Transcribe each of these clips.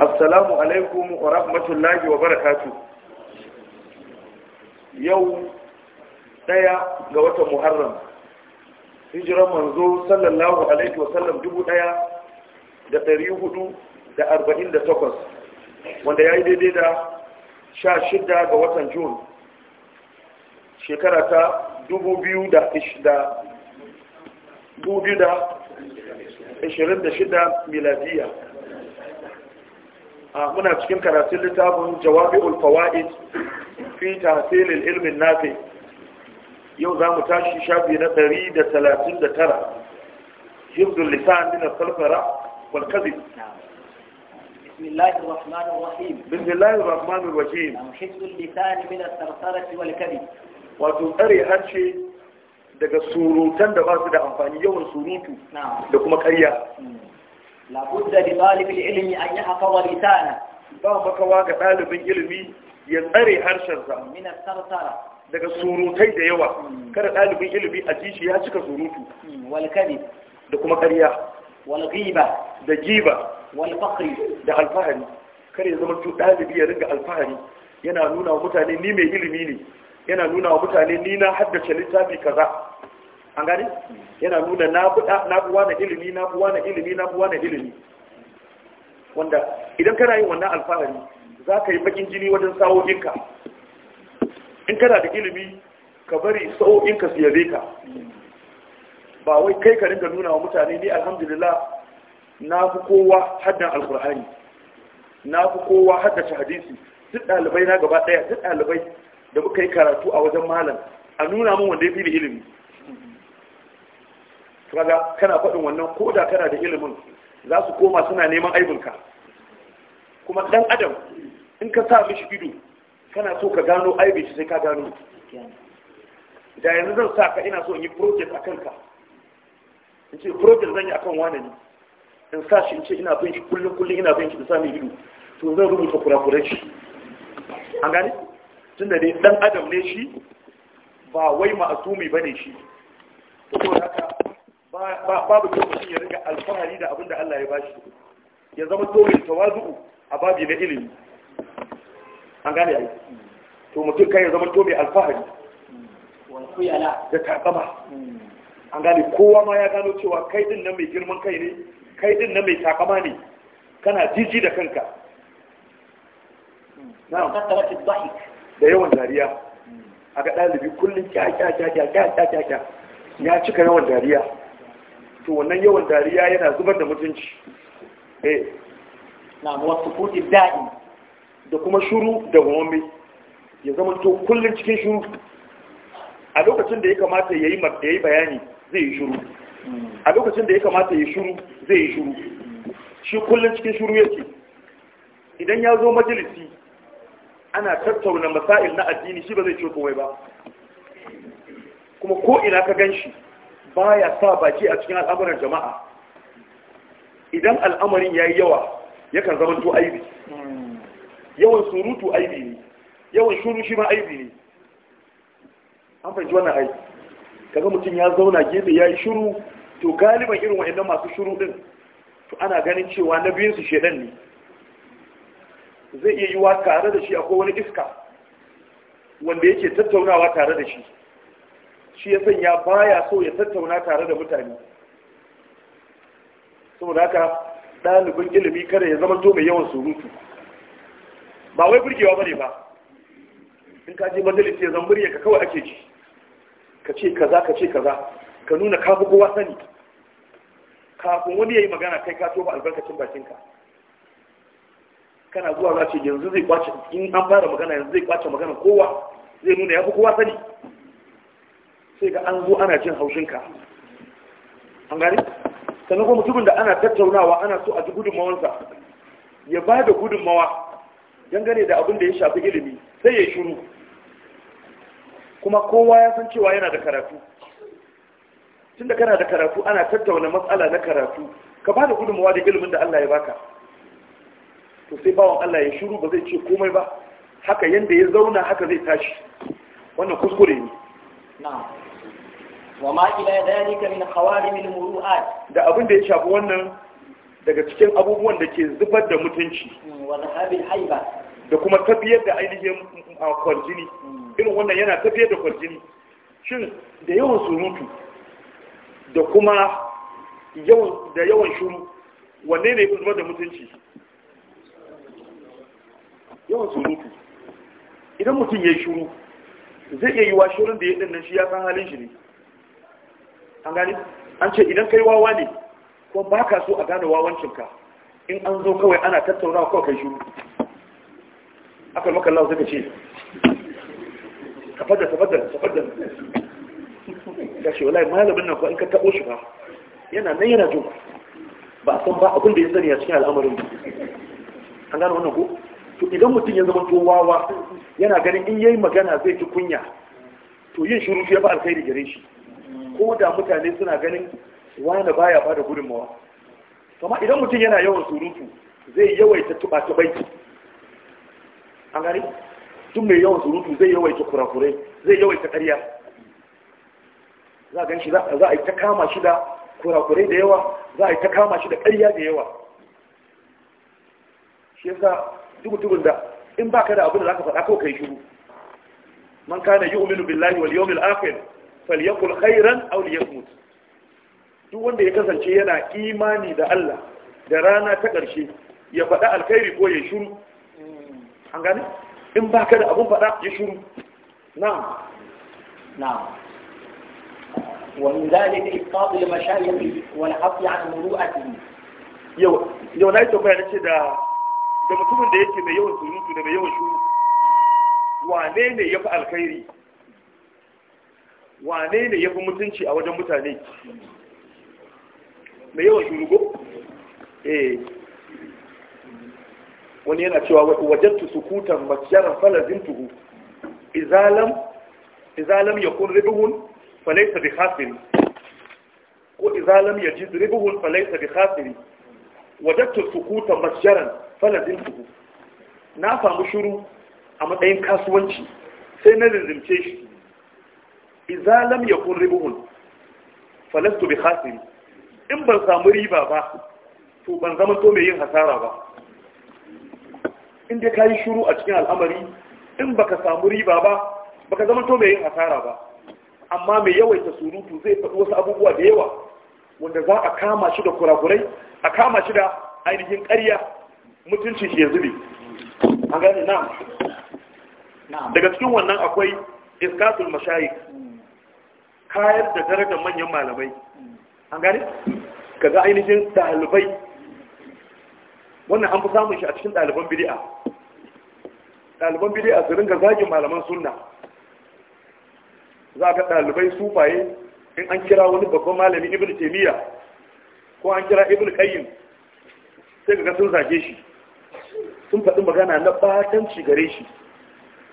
assalamu alaikum wa rahmatullahi wa barakatu yau daya ga watan muharram hijiran manzo sallallahu alaihi wa sallam dubu daya da ɗari hudu da arba'in da takwas wanda ya yi daidai da sha shida ga watan jun shekara ta dubu biyu da ashirin da shida miladiya muna cikin karatun littafin jawabi ulfawa'id fi tahsilil ilmin nafi yau za mu tashi shafi na 139 hifzul lisan min al-falfara wal kadhib بسم الله الرحمن الرحيم بسم الله الرحمن الرحيم حفظ daga surutan da ba su da amfani yawan surutu da kuma karya hmm. labudda li ilimi ilmi an yahfaza lisana ba makawa ga dalibin ilimi ya tsare harshen sa min sarsara daga surutai da yawa hmm. kada dalibin ilimi a jishi ya cika surutu hmm. wal kadhib da kuma ƙarya wal ghiba da giba wal da alfahari kar ya zama to dalibi ya riga alfahari yana nuna wa mutane ni mai ilimi ne yana nuna wa mutane ni na haddace littafi kaza an gane yana nuna na buwa na ilimi na buwa na ilimi na buwa na ilimi wanda idan kana yin wannan alfahari za ka yi bakin jini wajen sa'o'inka in kana da ilimi ka bari sa'o'inka su yabe ka ba wai kai ka ringa nuna wa mutane ni alhamdulillah na fi kowa haddan alkur'ani na fi kowa haddace hadisi duk ɗalibai na gaba ɗaya duk ɗalibai da muka yi karatu a wajen malam a nuna min wanda ya fi da ilimi kaga kana faɗin wannan ko da kana da ilimin za su koma suna neman aibinka kuma ɗan adam in ka sa mishi ido kana so ka gano aibin shi sai ka gano da yanzu zan sa ka ina so in yi project akan ka in ce project zan yi akan wani ne in sa shi in ce ina bin shi kullum kullum ina bin shi da sami ido to zan rubuta kurakuran shi an gane tunda dai dan adam ne shi ba wai ma'asumi bane shi to haka babu kyau mutum ya riga alfahari da abinda da Allah ya bashi ya zama tsorin tawazu'u a babi na ilimi an gane ai to mutum kai ya zama to mai alfahari da takama an gane kowa ma ya gano cewa kai din nan mai girman kai ne kai din nan mai takama ne kana jiji da kanka na'am da yawan dariya a ga ɗalibi kullum kya kya kya kya kya kya ya cika yawan dariya to wannan yawan dariya yana zubar da mutunci eh na wasu kudi da'i da kuma shuru da wame ya zama to kullum cikin shuru a lokacin da ya kamata ya yi bayani zai yi shuru hmm. a lokacin da ya kamata ya shuru zai yi shuru shi kullum cikin shuru yake idan ya zo majalisi ana tattauna masail na addini shi ba zai ce komai ba kuma ko ina ka gan shi baya sa baki a cikin al'amuran jama'a idan al'amarin yayi yawa ya kan zama to aibi yawan surutu aibi ne yawan shuru shi ma aibi ne an fahimci wannan aibi kaga mutum ya zauna gefe yayi shuru to galiban irin wa'annan masu shuru din to ana ganin cewa na biyun su shedan ne zai iya yiwa tare da shi akwai wani iska wanda yake tattaunawa tare da shi shi ya sanya baya so ya tattauna tare da mutane saboda haka ɗalibin ilimi kada ya zama to mai yawan surutu ba wai burgewa bane ba in ka je majalis ya zan murya ka kawai ake ji ka ce kaza ka ce kaza ka nuna ka fi kowa sani kafin wani ya yi magana kai ka toba albarkacin bakinka kana zuwa za ce yanzu zai kwace in an fara magana yanzu zai kwace magana kowa zai nuna ya fi kowa sani sai ga an zo ana jin haushinka an gani sannan kuma mutumin da ana tattaunawa ana so a ji gudunmawansa ya ba da gudunmawa dangane da abin da ya shafi ilimi sai ya shuru kuma kowa ya san cewa yana da karatu tun da kana da karatu ana tattauna matsala na karatu ka ba da gudunmawa da ilimin da Allah ya baka to sai bawan Allah ya shuru ba zai ce komai ba haka yanda ya zauna haka zai tashi wannan kuskure ne wa ma ila dhalika min khawarim al-muru'at da abin da ya shafi wannan daga cikin abubuwan da ke zubar da mutunci hmm, wa dhahabil haiba da kuma tafiyar da ainihin kwarjini hmm. irin wannan yana tafiyar da kwarjini shin da yawan surutu da kuma yawan da yawan shuru wanne ne zubar da mutunci yawan surutu idan mutum ya yi shuru zai iya yi wa shirin da ya ɗin nan shi ya san halin shi ne an gani an ce idan kai wawa ne kuma ba ka so a gane wawancinka in an zo kawai ana tattaunawa kawai kai shuru aka maka lau suka ce fadda tafadda tafadda ya ce wallahi malamin nan ko in ka taɓo shi ba yana nan yana jin ba san ba abin da ya sani a cikin al'amarin an gane wannan ko to idan mutum ya zama wawa yana ganin in yayi magana zai ji kunya to yin shiru shi ya fi alkhairi gare shi ko da mutane suna ganin wani baya ba da gudunmawa kama idan mutum yana yawan surutu zai yawaita tuba-tubai an gani tun mai yawan surutu zai yawaita kurakurai zai yawaita karya. za a ganshi, za a yi ta kama shi da kurakurai da yawa za a yi ta kama shi da karya da yawa shi yasa dubu mutumin da in ba ka da abin da za ka faɗa kai shiru man kana yu'minu billahi wal yawmil akhir falyakul khairan aw liyasmut duk wanda ya kasance yana imani da Allah da rana ta ƙarshe ya faɗa alkhairi ko ya shiru an gane in baka da abun faɗa ya shiru na'am na'am ومن ذلك إسقاط المشايخ والحفي عن مروءتهم yau yau na yi tambaya na ce da mutumin da yake mai yawan surutu da yawan shuru ne ya fi alkhairi wane ne ya fi mutunci a wajen mutane mai yawan shugo? eh wani yana cewa wajattu sukutan makiyaran falazin tuhu izalam ya kun ribuhun falaisa bi khasiri ko izalam ya ji ribuhun falaisa bi khasiri wajattu sukutan makiyaran falazin tuhu na samu shuru a matsayin kasuwanci sai na rinzimce shi iza lam yakun ribhun falastu bi khasim in ban samu riba ba to ban zama to mai yin hasara ba in dai kai shiru a cikin al'amari in baka samu riba ba baka zama to mai yin hasara ba amma mai yawaita surutu zai faɗi wasu abubuwa da yawa wanda za a kama shi da kurakurai a kama shi da ainihin ƙarya mutuncin shi ya zube an gane na daga cikin wannan akwai iskatul mashayikh kayar da darajar manyan malamai an gani? Ka ga ainihin ɗalibai wannan an fi samun shi a cikin ɗaliban bidi'a ɗaliban bidi'a su ringa zagin malaman sunna za ka ɗalibai sufaye in an kira wani babban malami ibn taimiyya ko an kira ibn Kayyin, sai ka ga sun zage shi sun faɗi magana na batanci gare shi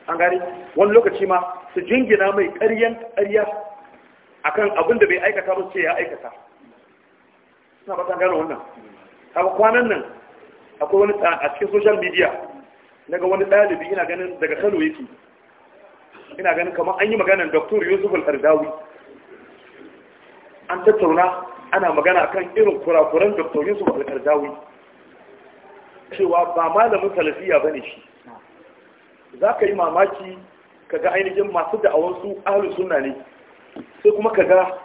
an gari wani lokaci ma su jingina mai ƙaryan ƙarya akan abin da bai aikata ba ce ya aikata suna ba gano wannan kaga kwanan nan akwai wani a cikin social media na ga wani ɗalibi ina ganin daga kano yake ina ganin kamar an yi maganar dr yusuf al-ardawi an tattauna ana magana kan irin kurakuran dr yusuf al-ardawi cewa ba malamin salafiya ba ne shi za ka yi mamaki ka ga ainihin masu da'awar su sunna ne sai kuma ka ga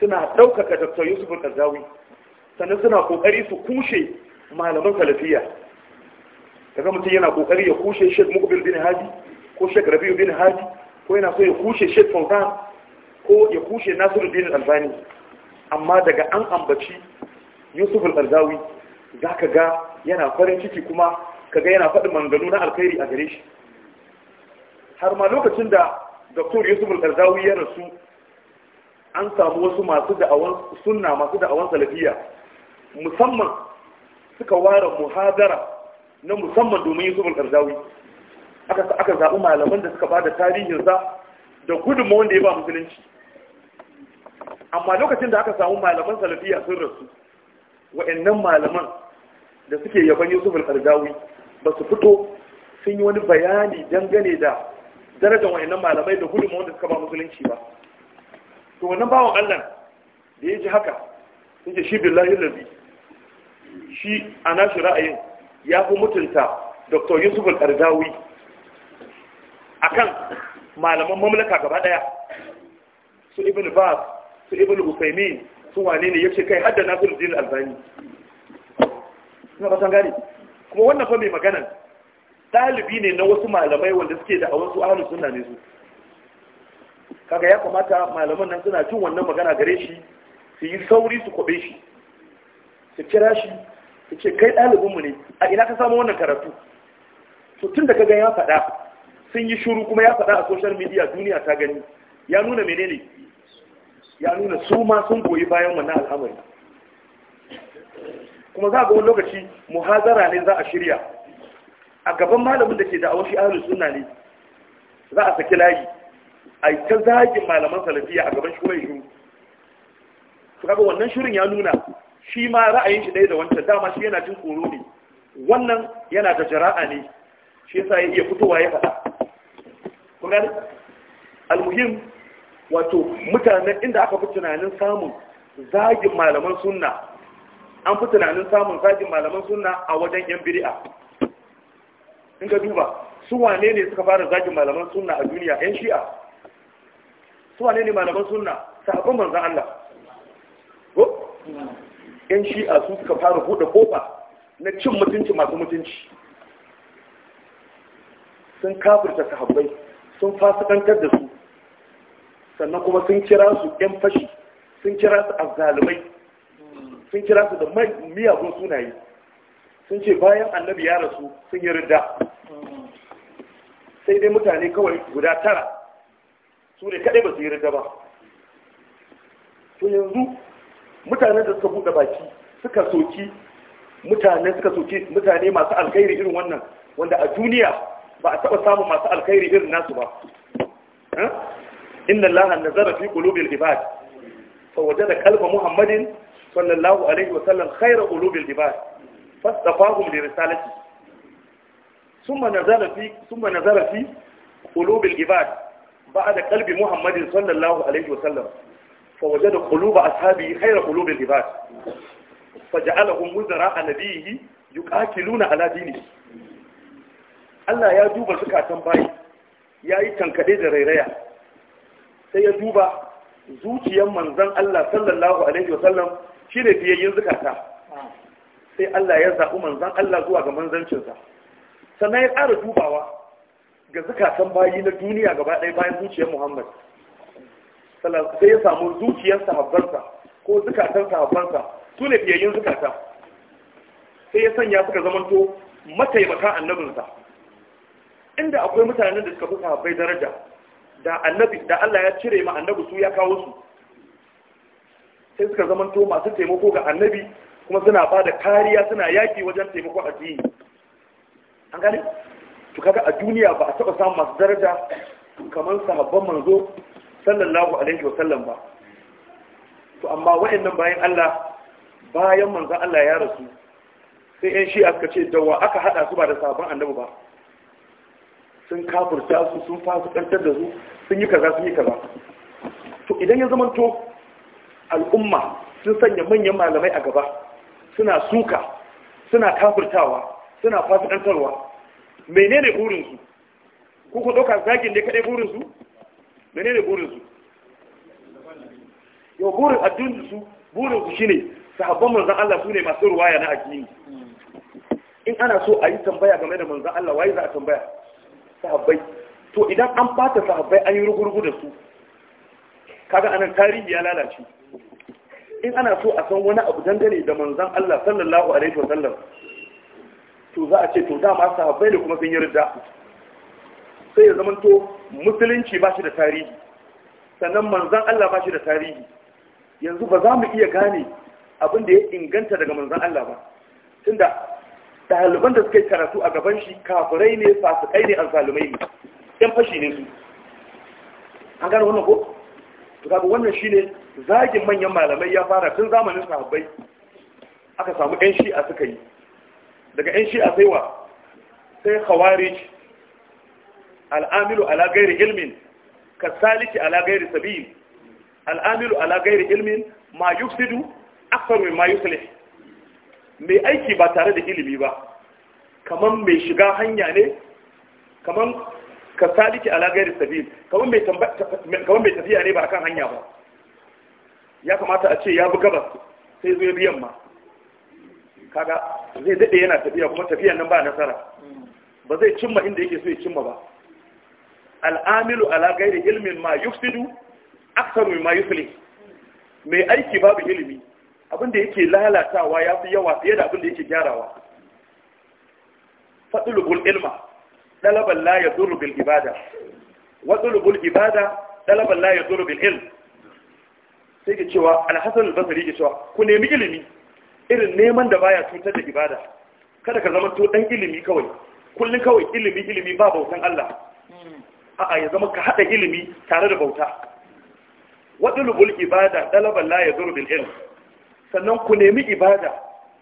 suna ɗaukaka dr yusuf al-kazawi sannan suna kokari su kushe malaman salafiya kaga mutum yana ƙoƙari ya kushe shek mukbil bin hadi ko shek rabi'u bin hadi ko yana so ya kushe shek fawzan ko ya kushe Nasiru al-albani amma daga an ambaci yusuf al za ka ga yana farin ciki kuma ka ga yana faɗi manganu na alkhairi a gare shi har ma lokacin da dr yusuf al ya rasu an samu wasu masu da'awan sunna masu da'awan salafiya musamman suka ware muhadara na musamman domin yusuf al-karzawi aka aka zaɓi malaman da suka bada tarihinsa da gudunmu wanda ya ba musulunci amma lokacin da aka samu malaman salafiya sun rasu wa'annan malaman da suke yaban yusuf al-karzawi ba su fito sun yi wani bayani dangane da darajar wa'annan malamai da gudunmu wanda suka ba musulunci ba to wannan bawan Allah da ya ji haka sun ce shi billahi lazi shi a nashi ra'ayin ya fi mutunta dr yusuf al-kardawi kan malaman mamlaka gaba daya su ibn bas su ibn usaimin su wane ne ya ce kai hadda nasiruddin albani suna kasan gari kuma wannan fa mai maganan dalibi ne na wasu malamai wanda suke da wasu ahlus sunna ne su kaga ya kamata malaman nan suna cin wannan magana gare shi su yi sauri su kwabe shi su kira shi su ce kai ɗalibinmu ne a ina ka samu wannan karatu su tun da kaga ya faɗa sun yi shuru kuma ya faɗa a social media duniya ta gani ya nuna menene ya nuna su ma sun goyi bayan wannan al'amari kuma za ga wani lokaci muhazara ne za a shirya a gaban malamin da ke da awashi ahlus sunna ne za a saki layi a yi zagin malaman salafiya a gaban shi kuma Su kaga wannan shirin ya nuna shi ma ra'ayin shi ɗaya da wancan dama shi yana jin tsoro ne wannan yana da jara'a ne shi yasa ya iya fitowa ya faɗa kun gani almuhim wato mutanen inda aka fi tunanin samun zagin malaman sunna an fi tunanin samun zagin malaman sunna a wajen yan biri'a in ka duba su wane ne suka fara zagin malaman sunna a duniya yan shi'a su wane ne malaman suna sahabban manzan Allah ko yan shi'a su suka fara buɗe kofa na cin mutunci masu mutunci sun kafirta sahabbai sun fasikantar da su sannan kuma sun kira su yan fashi sun kira su azalimai sun kira su da miyagun sunaye sun ce bayan annabi ya rasu sun yi ridda sai dai mutane kawai guda tara su ne kadai ba su yi rida ba to yanzu mutanen da suka buɗe baki suka soki mutane suka soki mutane masu alkhairi irin wannan wanda a duniya ba a taɓa samun masu alkhairi irin nasu ba eh? inna allaha nazara fi qulubil ibad fa wajada qalba muhammadin sallallahu alaihi wa sallam khayra qulubil ibad fastafahum li risalati thumma nazara fi thumma nazara fi qulubil ibad بعد قلب محمد صلى الله عليه وسلم فوجد قلوب أصحابه خير قلوب العباد فجعلهم وزراء نبيه يقاتلون على دينه Allah ya duba zukatan bayi ya yi tankade da rairaya sai ya duba zuciyar manzan Allah sallallahu alaihi wasallam shi ne fiyayyen zukata sai Allah ya zaɓi manzan Allah zuwa ga manzancinsa sannan ya ƙara dubawa ga zukatan bayi na duniya gaba ɗaya bayan zuciyar muhammad sai ya samu zuciyar sahabbansa ko zukatan sahabbansa su ne fiyayyun zukata sai ya sanya suka zamanto mataimaka annabinsa inda akwai mutanen da suka fi sahabbai daraja da annabi da Allah ya cire ma annabi su ya kawo su sai suka zamanto masu taimako ga annabi kuma suna ba da kariya suna yaki wajen taimako addini an gane to kaga a duniya ba a taba samun masu daraja kamar sahabban manzo sallallahu alaihi wa sallam ba to amma wa'annan bayan Allah bayan manzon Allah ya rasu sai yan shi aka ce dawa aka hada su ba da sahabban annabi ba sun kafirta su sun kantar da su sun yi kaza sun yi kaza to idan ya zamanto al'umma sun sanya manyan malamai a gaba suna suka suna kafirtawa suna fasu kantarwa menene burinsu ku ku ɗauka zagin ne burin burinsu menene burinsu yau burin burin burinsu shine sahabban manzan Allah sune masu ruwaya na addini in ana so a yi tambaya game da manzan Allah waye za a tambaya sahabbai to idan an bata sahabbai an yi rugurgu da su kaga anan tarihi ya lalace in ana so a san wani abu dangane da manzan Allah sallallahu alaihi wa sallam? to za a ce to dama sahabbai ne kuma sun yi rida sai ya zamanto musulunci ba shi da tarihi sannan manzan Allah ba shi da tarihi yanzu ba za mu iya gane abin da ya inganta daga manzan Allah ba tunda ɗaliban da suka yi karatu a gaban shi kafirai ne fasikai ne alzalumai ne yan fashi ne su an gane wannan ko to wannan wannan shine zagin manyan malamai ya fara tun zamanin sahabbai aka samu yan shi'a suka yi daga yan shi'a sai wa sai khawarij al'amilu ala gairi ilmin ka saliki ala gairi sabil al'amilu ala gairi ilmin ma yufsidu akthar min ma yuslih mai aiki ba tare da ilimi ba kaman mai shiga hanya ne kaman ka saliki ala gairi sabil kaman mai kaman mai tafiya ne ba akan hanya ba ya kamata a ce ya bi gabas sai zo biyan ma. yamma kaga zai daɗe yana tafiya kuma tafiyan nan ba nasara ba zai cimma inda yake so ya cimma ba al'amilu ala gairi ilmin ma yufsidu aksaru ma yufli mai aiki babu ilimi abin da yake lalatawa ya fi yawa fiye da abin da yake gyarawa fadlubul ilma dalaban la yadurru bil ibada wa dalubul ibada dalaban la yadurru bil ilm sai ke cewa alhassan albasari ke cewa ku nemi ilimi irin neman da baya cutar da ibada kada ka zama to dan ilimi kawai kullun kawai ilimi ilimi ba bautan Allah a'a ya zama ka hada ilimi tare da bauta wadulul ibada dalaban la yadur bil ilm sannan ku nemi ibada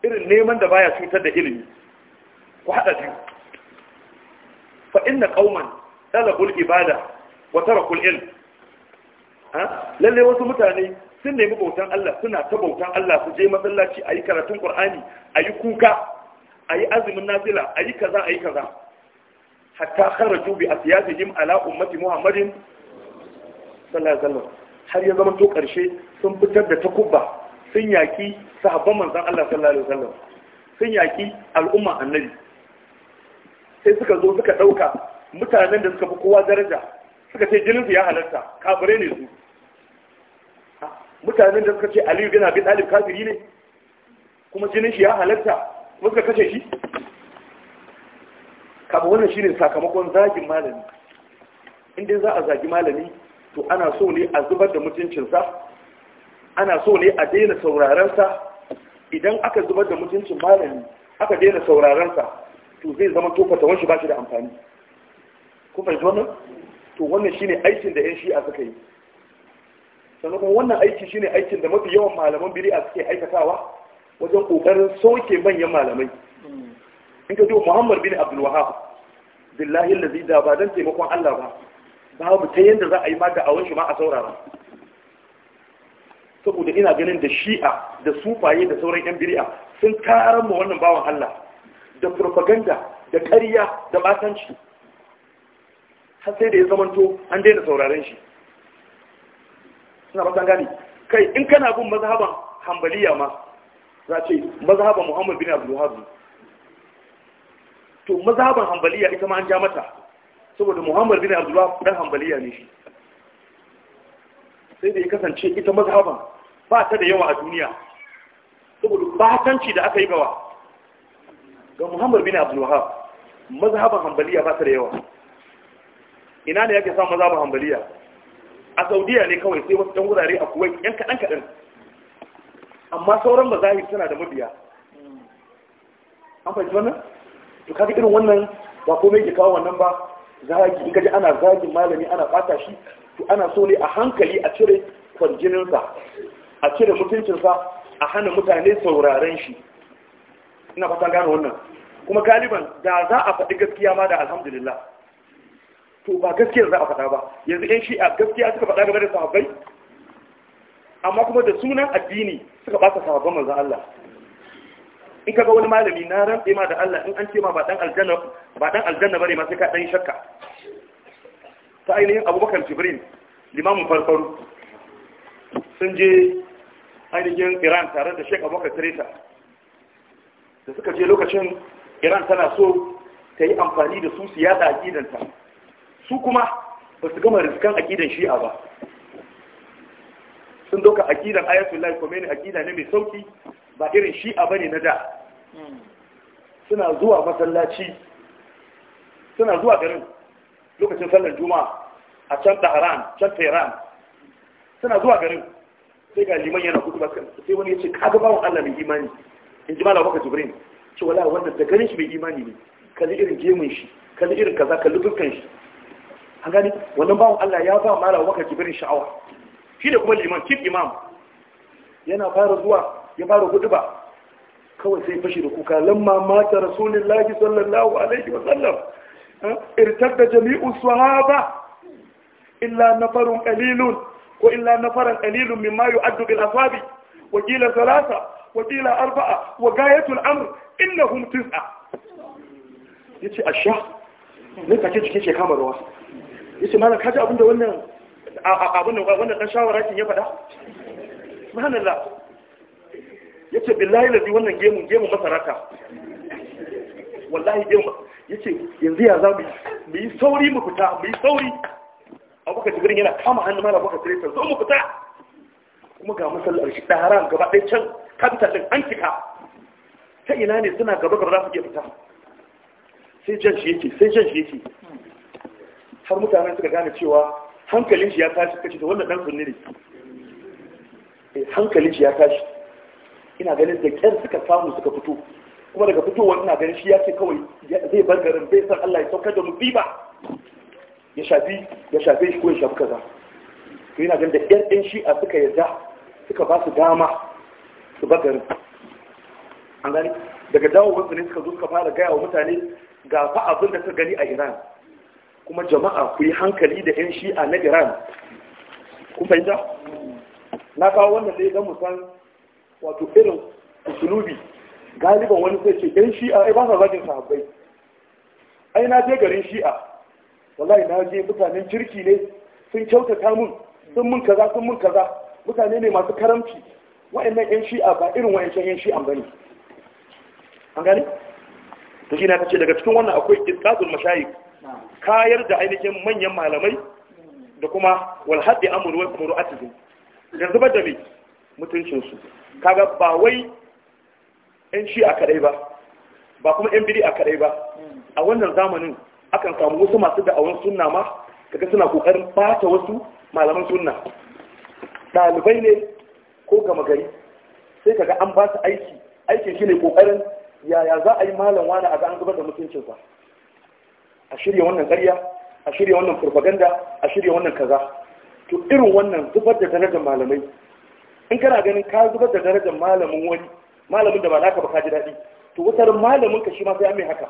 irin neman da baya cutar da ilimi ku hada biyu fa inna qauman talabul ibada wa tarakul ilm ha lalle wasu mutane sun nemi bautan Allah suna ta bautan Allah su je masallaci a yi karatun Kur'ani, a yi kuka a yi azumin nafila a yi kaza a yi kaza hatta kharaju bi asiyatihim ala ummati Muhammadin sallallahu alaihi har ya zama to karshe sun fitar da takubba sun yaki sahabban manzon Allah sallallahu alaihi wasallam sun yaki al'umma annabi sai suka zo suka ɗauka mutanen da suka fi kowa daraja suka ce jininsu ya halarta kafirai ne su mutanen da suka ce aliyu bin abi kafiri ne kuma jinin shi ya halatta kuma suka kashe shi Kama wannan shi ne sakamakon zagin malami in dai za a zagi malami to ana so ne a zubar da mutuncinsa ana so ne a daina saurarensa idan aka zubar da mutuncin malami aka daina saurarensa to zai zama tofata fatawan shi ba shi da amfani ku fahimci wannan to wannan shi ne aikin da yan shi'a suka yi sannan kuma wannan aiki shine aikin da mafi yawan malaman biri'a suke aikatawa wajen kokarin soke manyan malamai in ka Muhammad bin Abdul Wahhab billahi allazi da ba dan taimakon Allah ba babu ta yanda za a yi maka awon shi ma a saurara saboda ina ganin da shi'a da sufaye da sauran yan biri'a sun karar mu wannan bawan Allah da propaganda da ƙarya da batanci har sai da ya zamanto an daina sauraren shi suna ba gani kai in kana bin mazhaban hanbaliya ma za ce mazhaban muhammad bin abu wahab to mazhaban hanbaliya ita ma an ja mata saboda muhammad bin abu wahab dan hanbaliya ne shi sai da ya kasance ita mazhaban ba ta da yawa a duniya saboda batanci da aka yi gawa ga muhammad bin abu wahab mazhaban hanbaliya ba ta da yawa ina ne yake samun mazhaban hanbaliya a saudiya ne kawai sai wasu ɗan wurare a kuwait yan kaɗan kaɗan amma sauran mazahir suna da mabiya an fahimci wannan to kaga irin wannan ba komai ke kawo wannan ba zagi in kaji ana zagin malami ana bata shi to ana so ne a hankali a cire kwarjininsa a cire mutuncinsa a hana mutane sauraren shi ina fatan gane wannan kuma galiban da za a faɗi gaskiya ma da alhamdulillah to ba gaskiyar za a faɗa ba yanzu ɗan shi'a gaskiya suka faɗa game da sahabbai amma kuma da sunan addini suka ba sahabban manzan Allah in kaga wani malami na rantse ma da Allah in an ce ma ba dan aljanna ba dan aljanna bane ma sai ka dan shakka ta ainihin Abubakar Jibrin, limamin farfaru sun je ainihin Iran tare da Sheikh Abubakar Teresa da suka je lokacin Iran tana so ta yi amfani da su su yada akidanta su kuma ba su gama riskan akidan shi'a ba sun doka akidan ayatollah khomeini akida ne mai sauki ba irin shi'a ba ne na da suna zuwa masallaci suna zuwa garin lokacin sallar juma'a a can tehran can tehran suna zuwa garin sai ga liman yana kudu bakan sai wani ya ce kaga bawon Allah mai imani in ji malama jibrin ce wala wanda da garin shi mai imani ne kalli irin gemun shi kalli irin kaza kalli dukkan shi an gani wannan bawon Allah ya ba malam Abubakar Jibril sha'awa shi da kuma liman chief imam yana fara zuwa ya fara ba kawai sai fashi da kuka lamma mata rasulullahi sallallahu alaihi wa sallam eh, da jami'u sahaba illa nafarun qalilun ko illa nafaran qalilun mimma yu'addu bil asabi wa qila thalatha wa qila arba'a wa gayatul amr innahum tis'a yace asha ne take cikin shekara ruwa yace malam kaji abinda da wannan abinda wannan dan shawara kin ya fada subhanallah yace billahi lazi wannan gemun gemun masaraka wallahi gemu yace yanzu ya za mu yi sauri mu fita mu yi sauri abubakar jibirin yana kama hannu malam baka tirisar zo mu fita kuma ga masallar shi ɗaran gaba ɗaya can kanta ɗin an cika ta ina ne suna gaba gaba za su iya fita sai jan shi yake sai jan shi yake har mutanen suka gane cewa hankalin shi ya tashi kace da wannan dan sunni ne eh hankalin shi ya tashi ina ganin da kyan suka samu suka fito kuma daga fitowar ina ganin shi ya ce kawai zai bar garin bai san Allah ya saukar da musiba ya shafi ya shafe shi ko ya shafi kaza to ina ganin da ɗan shi a suka yarda suka ba su dama su bar garin an gani daga dawowar su ne suka zo suka fara gaya wa mutane ga fa abin da suka gani a Iran kuma jama'a ku yi hankali da 'yan shi'a na iran ku fahimta na kawo wannan zai don musan wato irin usulubi galiban wani sai ce 'yan shi'a ai ba sa zagin sahabbai ai na je garin shi'a wallahi na je mutanen kirki ne sun kyautata mun sun mun kaza sun mun kaza mutane ne masu karamci wa'annan 'yan shi'a ba irin wa'ancan 'yan shi'an bane an gane ta shi na ce daga cikin wannan akwai iskazul mashayikh kayar da ainihin manyan malamai da kuma walhaddi amuru kuma kamar da zubar da mai mutuncinsu kaga ba wai 'yan shi a kadai ba ba kuma 'yan biri a kaɗai ba a wannan zamanin akan samu wasu masu da'awan sunna ma kaga suna kokarin bata wasu malaman sunna ɗalibai ne ko gama gari sai kaga an ba su aiki aikin shi ne kokarin yaya za a yi malam wani a ga an zubar da mutuncinsa a shirya wannan ƙarya a shirya wannan furfaganda a shirya wannan kaza to irin wannan zubar da darajar malamai in kana ganin ka zubar da darajar malamin wani malamin da ba naka ba ka ji daɗi to wutar malamin ka shi ma sai an mai haka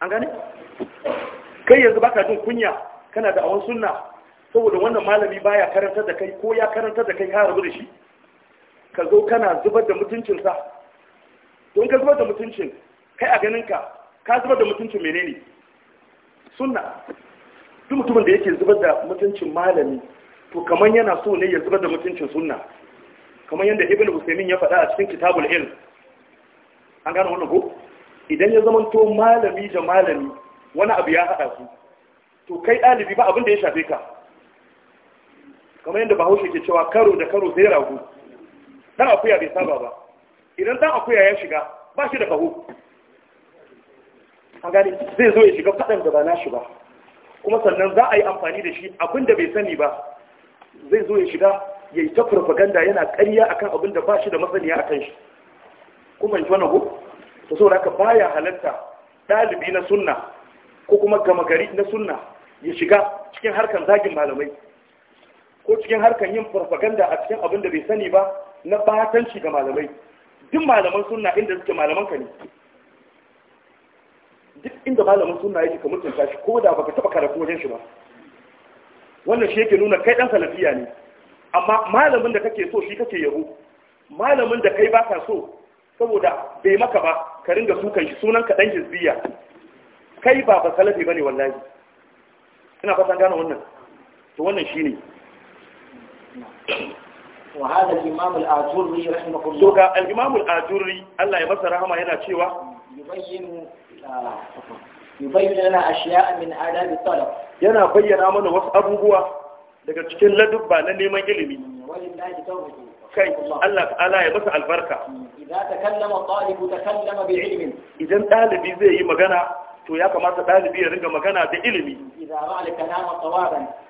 an gane kai yanzu baka jin kunya kana da awon sunna saboda wannan malami baya karantar da kai ko ya karantar da kai ka rabu da shi ka zo kana zubar da mutuncinsa To in ka zubar da mutuncin kai a ganin ka ka zubar da mutuncin menene sunna duk mutumin da yake zubar da mutuncin malami to kamar yana so ne ya zubar da mutuncin sunna kamar yadda ibn usaimin ya faɗa a cikin kitabul ilm an gano wannan ko idan ya zama to malami da malami wani abu ya haɗa su to kai ɗalibi ba abin da ya shafe ka kamar yadda bahaushe ke cewa karo da karo zai ragu, dan akuya bai saba ba idan dan akuya ya shiga ba shi da kaho an gani zai zo ya shiga faɗan da ba shi ba kuma sannan za a yi amfani da shi abin da bai sani ba zai zo ya shiga ya yi ta farfaganda yana karya akan abin da ba shi da masaniya a kan shi kuma yi wannan to so haka baya halatta ɗalibi na sunna ko kuma gama gari na sunna ya shiga cikin harkan zagin malamai ko cikin harkan yin farfaganda a cikin abin da bai sani ba na batanci ga malamai duk malaman sunna inda suke malaman ka ne duk inda malamin sunna yake ka mutunta shi ko da baka taba karatu wajen shi ba wannan shi yake nuna kai dan salafiya ne amma malamin da kake so shi kake yabo malamin da kai baka so saboda bai maka ba ka ringa sukan shi sunan ka dan hizbiya kai ba ba salafi bane wallahi ina fatan gane wannan to wannan shine وهذا الإمام الآجوري رحمه الله. سوكا الإمام Allah الله يبصر رحمه yana cewa. yubayyin ah, ashiya min adabi talab yana bayyana mana wasu abubuwa daga cikin ladubba na neman ilimi kai Allah ta'ala ya masa albarka idan talibu takallama bi ilmin idan ɗalibi zai yi magana to ya kamata ɗalibi ya ringa magana da ilimi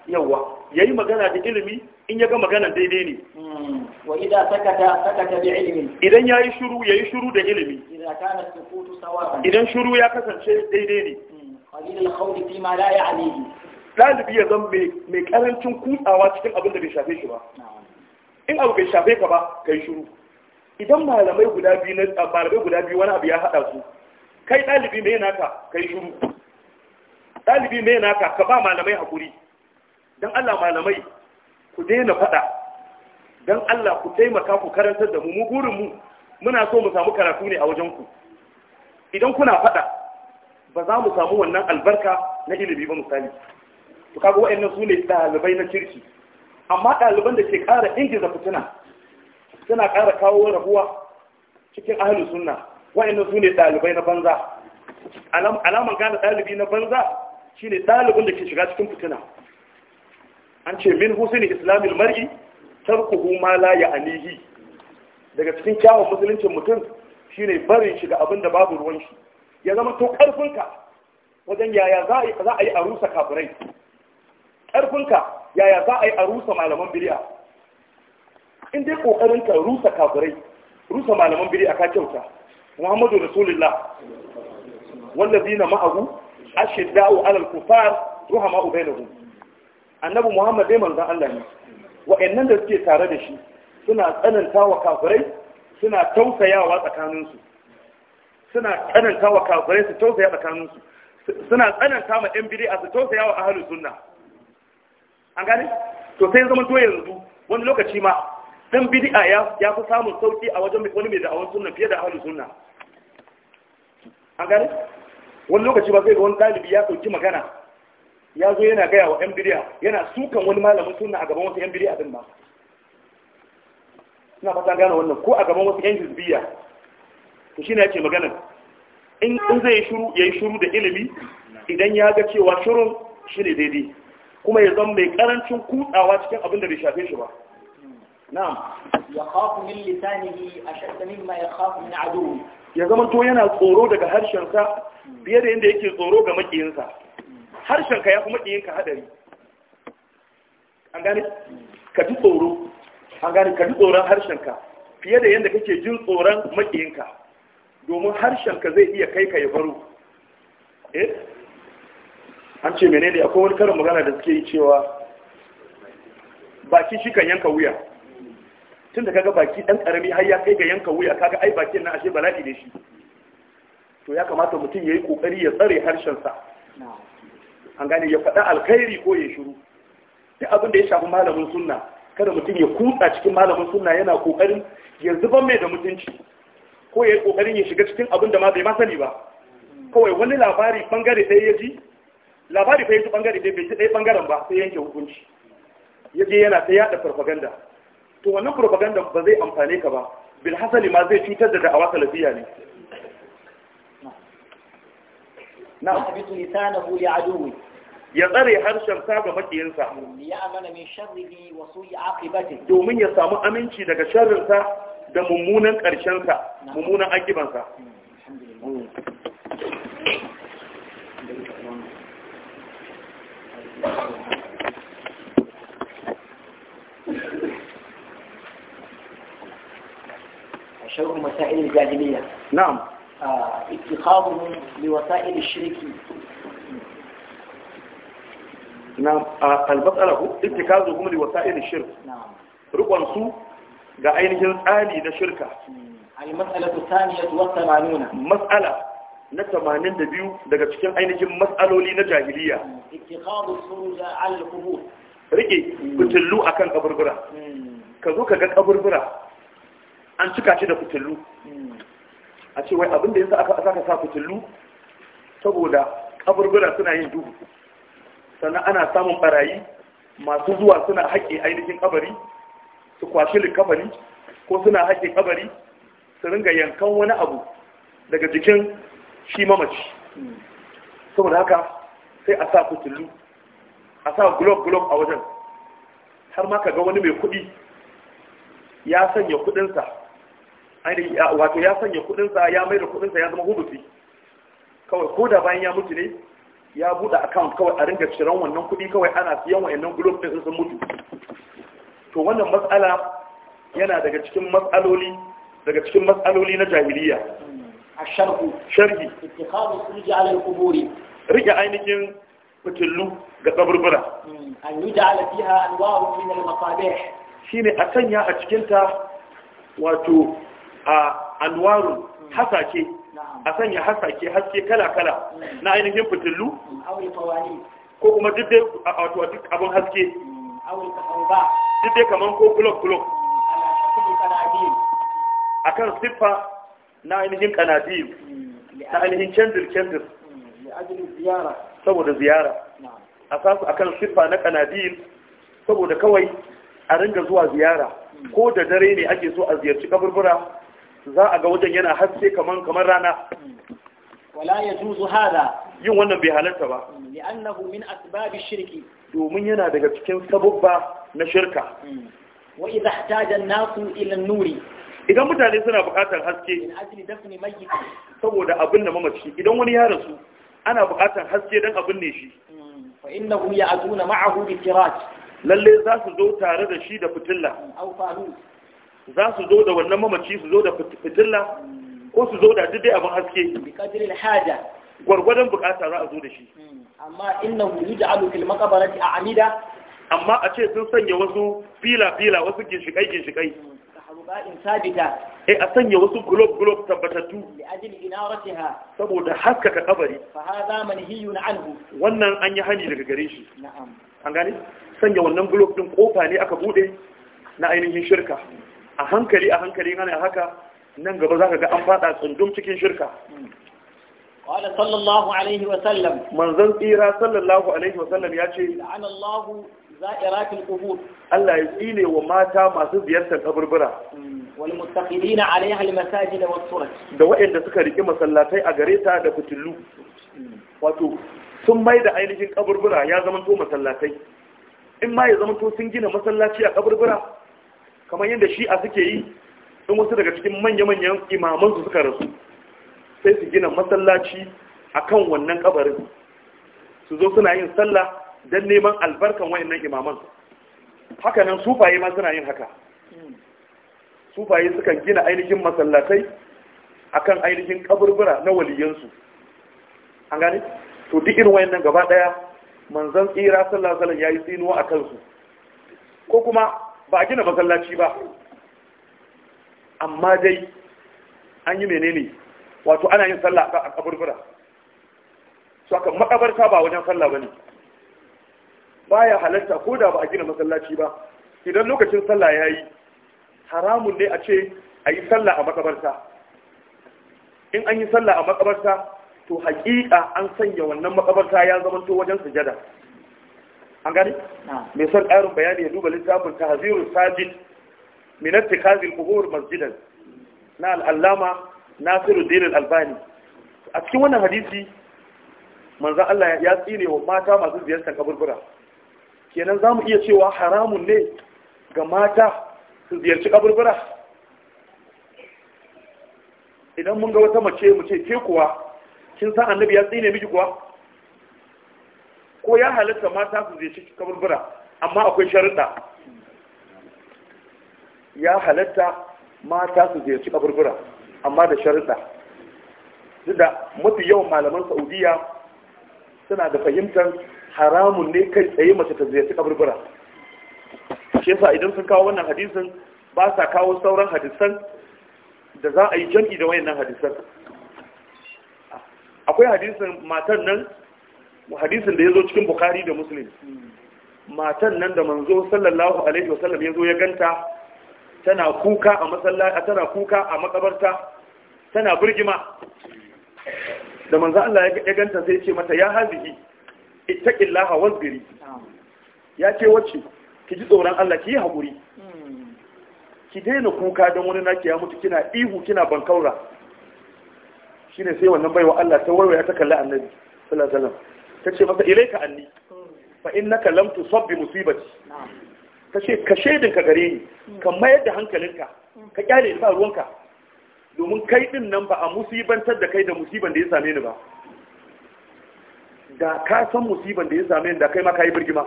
yawa ya yi magana da ilimi in ya ga magana daidai ne hmm. idan ya yi shuru ya yi shuru da ilimi idan shuru ya kasance daidai ne hmm. ɗalibi ya zan mai ƙarancin kutsawa cikin abin da bai shafe shi ba in abu bai shafe ka ba ka yi shuru idan malamai guda biyu wani abu ya haɗa su kai ɗalibi mai naka kai shuru ɗalibi mai naka ka ba malamai haƙuri don Allah malamai ku daina faɗa don Allah ku taimaka ku karantar da mu mu burinmu muna so mu samu karatu ne a wajen ku. idan kuna faɗa ba za mu samu wannan albarka na ilimi ba misali to kaga waɗannan su ne ɗalibai na kirki amma ɗaliban da ke ƙara ingiza fitina suna ƙara kawo rabuwa cikin ahalin sunna wa'annan su ne ɗalibai na banza alaman gane dalibi na banza shi ne ɗalibin da ke shiga cikin fitina an ce min husini islamil mar'i tarkuhu huma la anihi daga cikin kyawun musuluncin mutum shine barin shiga abin da babu ruwan shi ya zama to karfinka wajen yaya za a yi a rusa kafirai karfinka yaya za a yi a rusa malaman biriya in dai kokarin rusa kafirai rusa malaman biriya ka kyauta muhammadu rasulullah wallazina ma'ahu ashidda'u 'alal kufar ruhama'u bainahum annabi muhammad dai manzon Allah ne wa'annan da suke tare da shi suna tsananta wa kafirai suna tausayawa tsakaninsu suna tsananta wa kafirai su tausaya tsakaninsu suna tsananta ma ɗan bid'a su tausaya wa ahlus sunna gane to sai zama to yanzu wani lokaci ma dan bid'a ya fi samun sauki a wajen wani mai da'awar sunna fiye da ahlus sunna an gane wani lokaci ba zai ga wani ɗalibi ya sauki magana ya zo yana gaya wa yan bidiya yana sukan wani malamin suna a gaban wasu yan bidiya din ba suna fata gane wannan ko a gaban wasu yan hizbiya to shine yake magana. in zai yi shuru ya yi shuru da ilimi idan ya ga cewa shirin shi ne daidai kuma ya zama mai karancin kutsawa cikin abin da bai shafe shi ba na'am ya khafu min lisanihi ashadda mimma ya khafu min aduwi ya zama to yana tsoro daga harshenka fiye da yadda yake tsoro ga makiyinsa harshenka ya fi makiyinka hadari an gane ka ji tsoro an gane ka ji tsoron harshenka fiye da yadda kake jin tsoron makiyinka domin harshenka zai iya kai ka ya baro eh an ce menene akwai wani karin magana da suke yi cewa baki shi kan yanka wuya tun da kaga baki dan karami har ya kai ga yanka wuya kaga ai bakin nan ashe bala'i ne shi to ya kamata mutum ya yi kokari ya tsare harshen sa an gane ya faɗa alkhairi ko ya shiru duk abin da ya shafi malamin sunna kada mutum ya kutsa cikin malamin sunna yana kokarin ya zuban mai da mutunci ko ya yi kokarin ya shiga cikin abin da ma bai ma sani ba kawai wani labari bangare ɗaya ya ji labari fa yaji bangare ɗaya bai ji ɗaya bangaren ba sai yanke hukunci ya je yana ta yada farfaganda to wannan propaganda ba zai amfane ka ba bil hasali ma zai cutar da da'awa salafiya ne na habitu lisanahu li aduwi ya tsare harshen sa ga makiyinsa ya amana min sharrihi wa su'i aqibati domin ya samu aminci daga sharrin sa da mummunan karshen sa mummunan akiban sa alhamdulillah شرح مسائل الجاهلية نعم اتخاذهم لوسائل الشرك نعم المسألة اتخاذهم لوسائل الشرك نعم ركن سوء ga ainihin tsari na shirka al-mas'alatu thaniyatu wa 80 mas'ala na 82 daga cikin ainihin mas'aloli na jahiliya ittikhadu suruja al-qubur rike fitullu akan kaburbura ka Kazo ka ga kaburbura an cika shi da fitilu a ce wai abinda yasa aka saka sa fitilu saboda kaburbura suna yin duhu sannan ana samun barayi masu zuwa suna haƙe ainihin kabari su kwashi likabari ko suna haƙe kabari su ringa yankan wani abu daga jikin shi mamaci saboda haka sai a sa fitilu a sa gulob-gulob a wajen har ma ka ga wani mai kuɗi ya sanya kuɗinsa wato ya sanya kudinsa ya mai da kudinsa ya zama hudufi kawai ko da bayan ya mutu ne ya buɗe account kawai a ringa ciran wannan kudi kawai ana siyan wa'annan gulub din sun mutu to wannan matsala yana daga cikin matsaloli daga cikin matsaloli na jahiliya a sharhu sharhi ittikhadu sulji ala al-quburi rike ainihin fitillu ga kaburbura hmm. an yuj'ala fiha anwa'u min al-masabih shine a sanya a cikin ta wato a anwarun hasake a sanya hasake haske kala-kala mm. na ainihin fitillu mm. ko kuma dubbe a duk abin haske mm. dubbe kamar ko kulok-kulok a kan siffa na ainihin kanadiyu na ainihin kendir-kendir saboda ziyara a sasu a kan siffa na kanadiyu saboda kawai a ringa zuwa ziyara ko da dare ne ake so a ziyarci kaburbura za a ga wajen yana haske kaman kamar rana wala juzu hada yin wannan bai halarta ba li'annahu min asbabi shirki domin yana daga cikin sababba na shirka hmm. wa idha ihtaja an-nasu ila an-nuri idan mutane suna buƙatar haske in ajli dafni mayyit saboda abin da mamaci idan wani ya rasu ana buƙatar haske dan abin ne shi hmm. fa innahum ya'tuna ma'ahu bi tirat lalle za su zo tare da shi da fitilla aw za su zo da wannan mamaci su zo da fitilla ko su zo da duk abin haske bi qadri haja gwargwadon bukata za a zo da shi hmm. amma innahu yuj'alu fil maqbarati a'mida amma a ce sun sanya wasu fila fila wasu ginshikai ginshikai hmm. in eh, a sanya wasu globe globe tabbatattu li ajli inaratiha saboda haskaka kabari wannan an yi hani daga gare shi na'am an gane sanya wannan globe din kofa ne aka bude na ainihin shirka a hankali a hankali yana haka nan gaba za ka ga an fada tsundum cikin shirka. Wala sallallahu alaihi wa sallam. Manzan tsira sallallahu alaihi wa sallam ya ce. La'anallahu za'iratul kubur. Allah ya tsine wa mata masu ziyartar kaburbura. Mm, wal mutaqidina alaiha al masajid wa surat. Da wa'anda suka riƙi masallatai a gareta da fitilu. Mm. Wato sun mai da ainihin kaburbura ya zama to masallatai. In ma ya zama sun gina masallaci a kaburbura. kamar yadda shi'a suke yi in wasu daga cikin manya-manyan su suka rasu sai su gina masallaci a kan wannan kabarin su zo suna yin sallah don neman albarkan wayannan imaman haka nan sufaye ma suna yin haka sufaye sukan gina ainihin masallatai kan ainihin kaburbura na waliyansu an gani to duk irin wayannan gaba daya manzon tsira sallah alaihi ya yi tsinuwa a kansu ko kuma ba a gina masallaci ba amma dai an yi menene wato ana yin sallah a kaburbura su aka makabarta ba wajen sallah ba ne. Ba ya halatta ko da ba a gina masallaci ba idan lokacin sallah ya yi haramun ne a ce a yi sallah a makabarta in an yi sallah a makabarta to haƙiƙa an sanya wannan makabarta ya zamanto wajen sujada an gani mai son ƙarin bayani ya duba littafin ta tahzirus sajid min kazin al masjidan na al'allama Nasiru Nasiruddin albani a cikin wannan hadisi manzan Allah ya tsine wa mata masu ziyartar kaburbura kenan za mu iya cewa haramun ne ga mata su ziyarci kaburbura idan mun ga wata mace mu ce ke kuwa kin san annabi ya tsine miki kuwa ko ya halatta mata su zai kaburbura amma akwai sharuɗa ya halatta mata su zai kaburbura amma da sharuɗa duk da mafi yawan malaman Saudiyya suna da fahimtar haramun ne kai tsaye mace ta ziyarci kaburbura shi yasa idan sun kawo wannan hadisin ba sa kawo sauran hadisan da za a yi jam'i da wayannan hadisan akwai hadisan matan nan hadisin da ya zo cikin bukari da muslim matan nan da manzo sallallahu alaihi wasallam ya zo ya ganta tana kuka a masallaci tana kuka a makabarta tana burgima da manzo Allah ya ganta sai ya ce mata ya hazihi ittaqillaha wasbiri ya ce wacce ki ji tsoron Allah ki yi hakuri ki daina kuka don wani naki ya mutu kina ihu kina bankaura shine sai wannan baiwa Allah ta warware ta kalli annabi sallallahu alaihi wasallam ta ce masa ka anni fa in naka lamtu sabbi musibati ta ce ka shaidin ka gare ni ka mayar da hankalinka ka kyale ni ba ruwanka domin kai din nan ba a musibantar da kai da musiban da ya same ni ba da ka san musiban da ya same ni da kai ma ka yi birgima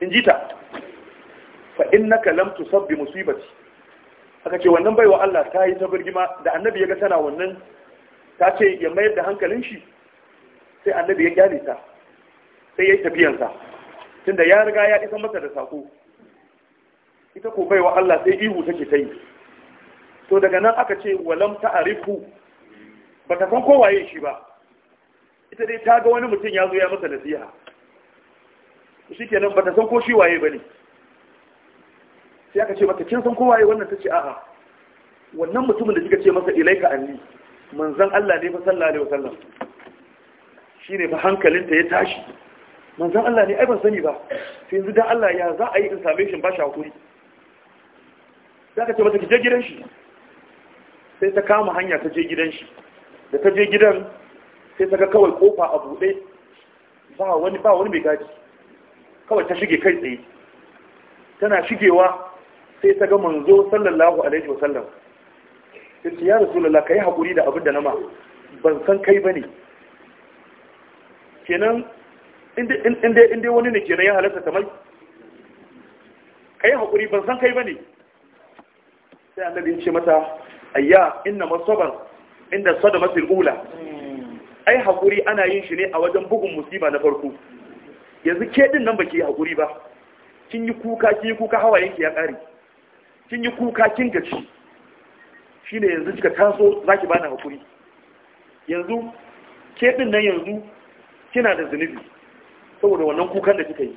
in ji ta fa in naka lamtu sabbi musibati aka ce wannan baiwa Allah ta yi ta birgima da annabi ya ga tana wannan ta ce ya mayar da hankalin shi sai annabi ya kyale ta sai ya yi tafiyansa tunda ya riga ya isa masa da sako ita ko baiwa Allah sai ihu take ta yi to daga nan aka ce walam ta'arifu ba ta san kowaye shi ba ita dai ta ga wani mutum ya zo ya masa nasiha shi kenan ba ta san ko shi waye ba ne sai aka ce mata kin san kowaye wannan ta ce a'a wannan mutumin da kika ce masa ilaika anni manzon Allah ne fa sallallahu alaihi wasallam ne fa hankalinta ya tashi manzan Allah ne ai ban sani ba sai yanzu da Allah ya za a yi in same shi ba shi hakuri za ka ce mata ki je gidan shi sai ta kama hanya ta je gidan shi da ta je gidan sai ta ga kawai kofa a buɗe ba wani ba wani mai gaji kawai ta shige kai tsaye tana shigewa sai ta ga manzo sallallahu alaihi wa sallam sai ta ya rasulullah kai hakuri da abin da nama ban san kai bane kenan in dai wani ne kenan ya halatta kamar kai haƙuri ban san kai ba ne sai an ya ce mata ayya inna masabar inda sada masil ula ai haƙuri ana yin shi ne a wajen bugun musiba na farko yanzu ke din nan baki haƙuri ba kin yi kuka kin yi kuka hawayen ki ya ƙare kin yi kuka kin gaci shine yanzu kika taso zaki bani haƙuri yanzu ke din nan yanzu kina da zunubi saboda wannan kukan da kika yi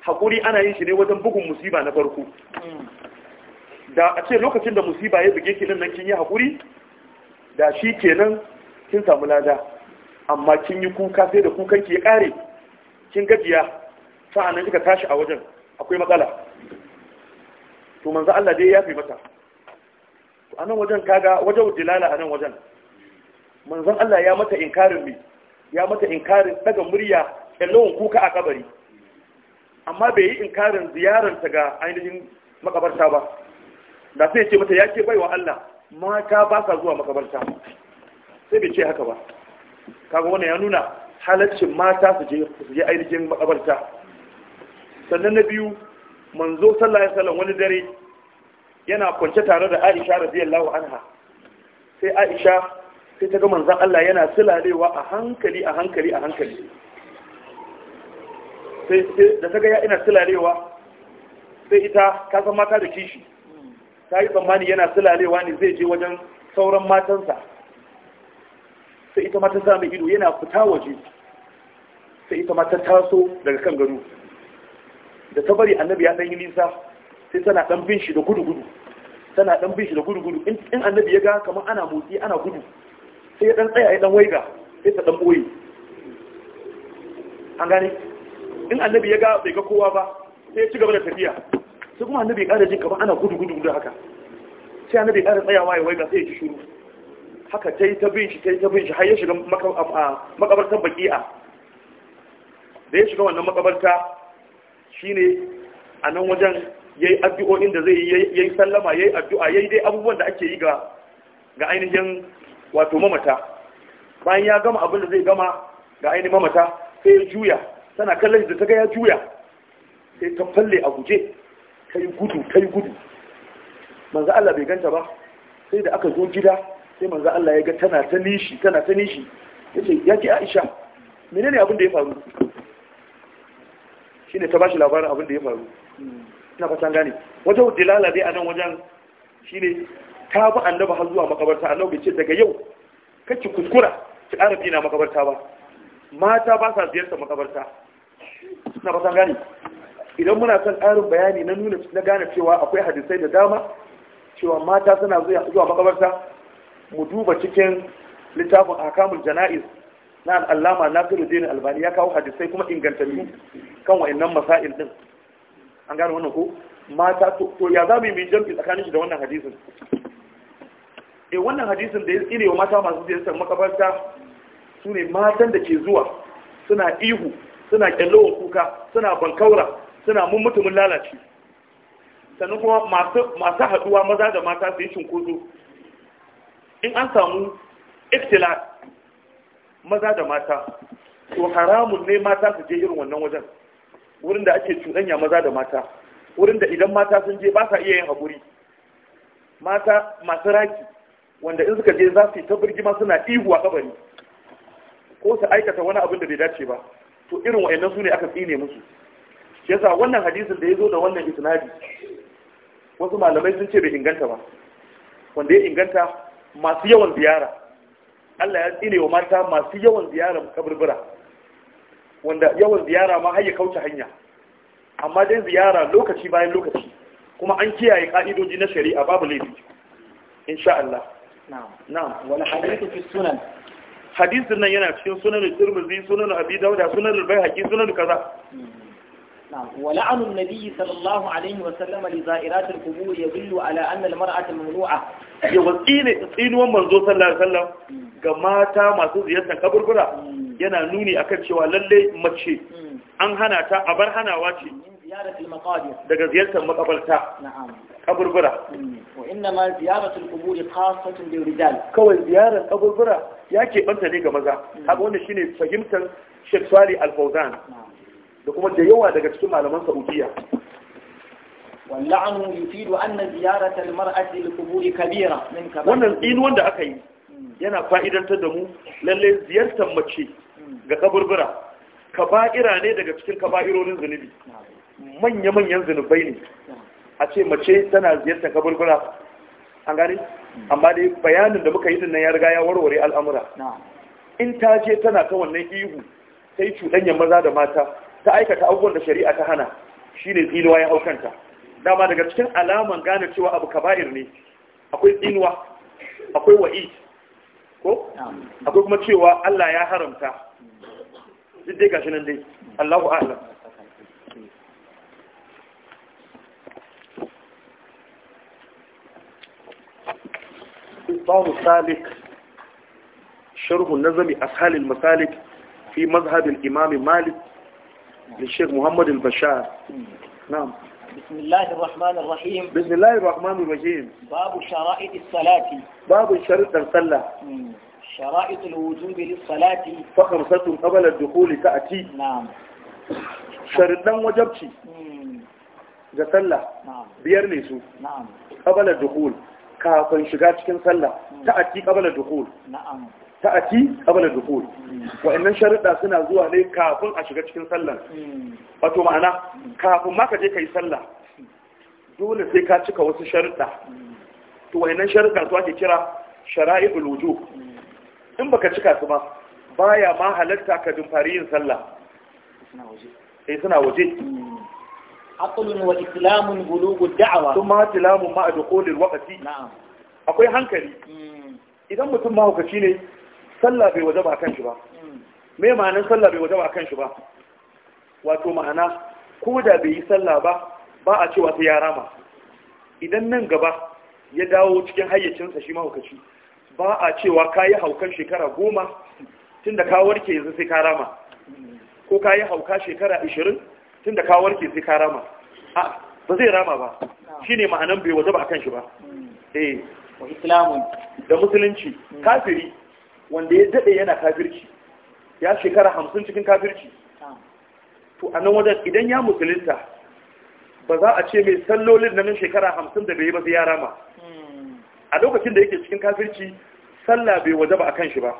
haƙuri ana yin shi ne wajen bugun musiba na farko hmm. da a ce lokacin da musiba ya buge ki nan kin yi haƙuri da shi kenan kin samu lada amma kin yi kuka sai da kukan ki ya ƙare kin gajiya sa'annan kika tashi a wajen akwai matsala to manzo Allah dai ya fi mata to anan wajen kaga wajen dilala anan wajen manzo Allah ya mata inkarin bi ya mata inkarin daga murya kyallon kuka a kabari amma bai yi inkarin ziyararta ga ainihin makabarta ba da sai ce mata ya ce baiwa Allah mata ba sa zuwa makabarta sai bai ce haka ba kaga wannan ya nuna halaccin mata su je ainihin makabarta sannan na biyu manzo sallallahu alaihi wasallam wani dare yana kwance tare da Aisha da radiyallahu anha sai Aisha sai ta ga manzon Allah yana silalewa a hankali a hankali a hankali sai da ta gaya ina silalewa sai ita ka san mata da kishi ta yi tsammani yana silalewa ne zai je wajen sauran matansa sai ita mata sa ido yana fita waje sai ita mata taso daga kan gado da ta bari annabi ya ɗan yi nisa sai tana ɗan bin shi da gudu-gudu tana ɗan bin shi da gudu-gudu in annabi ya ga kamar ana motsi ana gudu sai ya ɗan tsaya ya ɗan waiga sai ta ɗan ɓoye an gane in annabi ya ga bai ga kowa ba sai ci gaba da tafiya sai kuma annabi ya ƙara jin kamar ana gudu gudu da haka sai annabi ya ƙara tsayawa ya waiga sai ya ci shuru haka ta ta bin shi ta yi ta bin shi har ya shiga makabartar baki'a da ya shiga wannan makabarta shine a nan wajen ya yi addu'o'in da zai yi sallama ya yi addu'a ya yi dai abubuwan da ake yi ga ainihin wato mamata bayan ya gama abin da zai gama ga ainihin mamata sai ya juya tana kallon da ta ga ya juya sai ta falle a guje ta yi gudu ta yi gudu manzo Allah bai ganta ba sai da aka zo gida sai manzo Allah ya ga tana ta nishi tana ta nishi yace yake Aisha menene abin da ya faru shine ta bashi labarin abin da ya faru ina fatan gane wajen dilala dai anan wajen shine ta bi annabi har zuwa makabarta annabi bai ce daga yau kake kuskura ki ƙara bina makabarta ba mata ba sa ziyarta makabarta suna fatan gani idan muna son ƙarin bayani na nuna na gane cewa akwai hadisai da dama cewa mata suna zuwa makabarta mu duba cikin littafin akamun jana'iz na na fi nasiruddin albani ya kawo hadisai kuma ingantattu kan wa'annan masail din an gane wannan ko mata to ya za mu yi jamfi tsakanin shi da wannan hadisin eh wannan hadisin da ya tsire wa mata masu ziyartar makabarta su ne matan da ke zuwa suna ihu suna kyallowar kuka suna bankaura suna mun mutumin lalace sannan kuma masu haduwa maza da mata su yi cunkoso in an samu iftilat maza da mata to haramun ne mata su je irin wannan wajen wurin da ake cuɗanya maza da mata wurin da idan mata sun je ba sa iya yin haƙuri mata masu raki wanda in suka je za su yi ta birgima suna ihu a kabari ko su aikata wani abin da bai dace ba to irin wa'annan su ne aka tsine musu yasa wannan hadisin da ya zo da wannan isnadi wasu malamai sun ce bai inganta ba wanda ya inganta masu yawan ziyara Allah ya tsine wa mata masu yawan ziyara kaburbura wanda yawan ziyara ma har ya kauce hanya amma dai ziyara lokaci bayan lokaci kuma an kiyaye ka'idoji na shari'a babu laifi insha Allah na'am na'am wala hadithu fi sunan hadisin nan yana cikin sunan turmuzi sunan abi dauda sunan bayhaqi sunan kaza ولعن النبي صلى الله عليه وسلم لزائرات القبور يدل على أن المرأة ممنوعة يوصيني tsinuwan manzo sallallahu alaihi wasallam ga mata masu ziyartar kaburbura hmm. yana nuni akan cewa lallai mace hmm. an hana ta a bar hanawa ce daga ziyartar makabarta na'am kaburbura wa inna ma ziyaratul quburi kawai ziyarar kaburbura ya banta ne ga maza kaga wannan shine fahimtar Sheikh Salih Al-Fawzan da kuma da yawa daga cikin malaman Saudiya واللعن يفيد للقبور من كبائر wannan in wanda aka yi yana fa'idantar da mu lalle ziyartar mace ga kaburbura kaba'ira ne daga cikin kaba'irorin zunubi manya-manyan zunubai ne a ce mace tana ziyartar kaburbura an gani amma dai bayanin da muka yi din ya riga ya warware al'amura in ta je tana ta wannan ihu sai yi maza da mata ta aikata abubuwan da shari'a ta hana shine tsinuwa ya haukanta dama daga cikin alaman gane cewa abu kaba'ir ne akwai tsinuwa akwai wa'i ko akwai kuma cewa Allah ya haramta duk dai gashi nan dai Allahu a'lam السلطان السالك شرح النظم أسهل المسالك في مذهب الإمام مالك للشيخ محمد البشار نعم بسم الله الرحمن الرحيم بسم الله الرحمن الرحيم باب شرائط الصلاة باب شرط الصلاة شرائط الوجوب للصلاة فخمسة قبل الدخول تأتي نعم شرطا وجبتي ga نعم بيرنسو نعم قبل الدخول نعم. kafin shiga cikin sallah hmm. ta aki kabala dukhul na'am ta aki kabala dukhul hmm. wa'annan sharuɗa suna zuwa ne kafin a shiga cikin sallah hmm. wato ma'ana kafin ma ka je kai sallah dole sai ka cika wasu sharuɗa to wa'annan sharuɗa su ake kira shara'ibul wujuh in baka cika su ba baya ma halatta ka dumfari yin sallah sai suna waje eh, عقل وإسلام بلوغ الدعوة ثم إسلام مع دخول الوقت نعم akwai hankali idan mutum mahaukaci ne sallah bai waje ba kan shi ba me ma'anin sallah bai waje ba kan shi ba wato ma'ana ko da bai yi sallah ba ba a cewa sai ya rama idan nan gaba ya dawo cikin hayyacinsa shi mahaukaci ba a cewa ka yi haukan shekara goma tunda ka warke yanzu sai ka rama ko ka yi hauka shekara ashirin tunda da warke sai ka rama a ba zai rama ba Shi ne ma'anan bai waje ba akan shi ba hmm. eh wa islamun da musulunci hmm. kafiri wanda ya dade yana kafirci ya shekara hamsin cikin kafirci to a nan wajen idan ya musulunta ba za a ce mai sallolin na nan shekara hamsin da bai yi ba sai ya rama hmm. a lokacin da yake cikin kafirci sallah bai waje ba a kan shi ba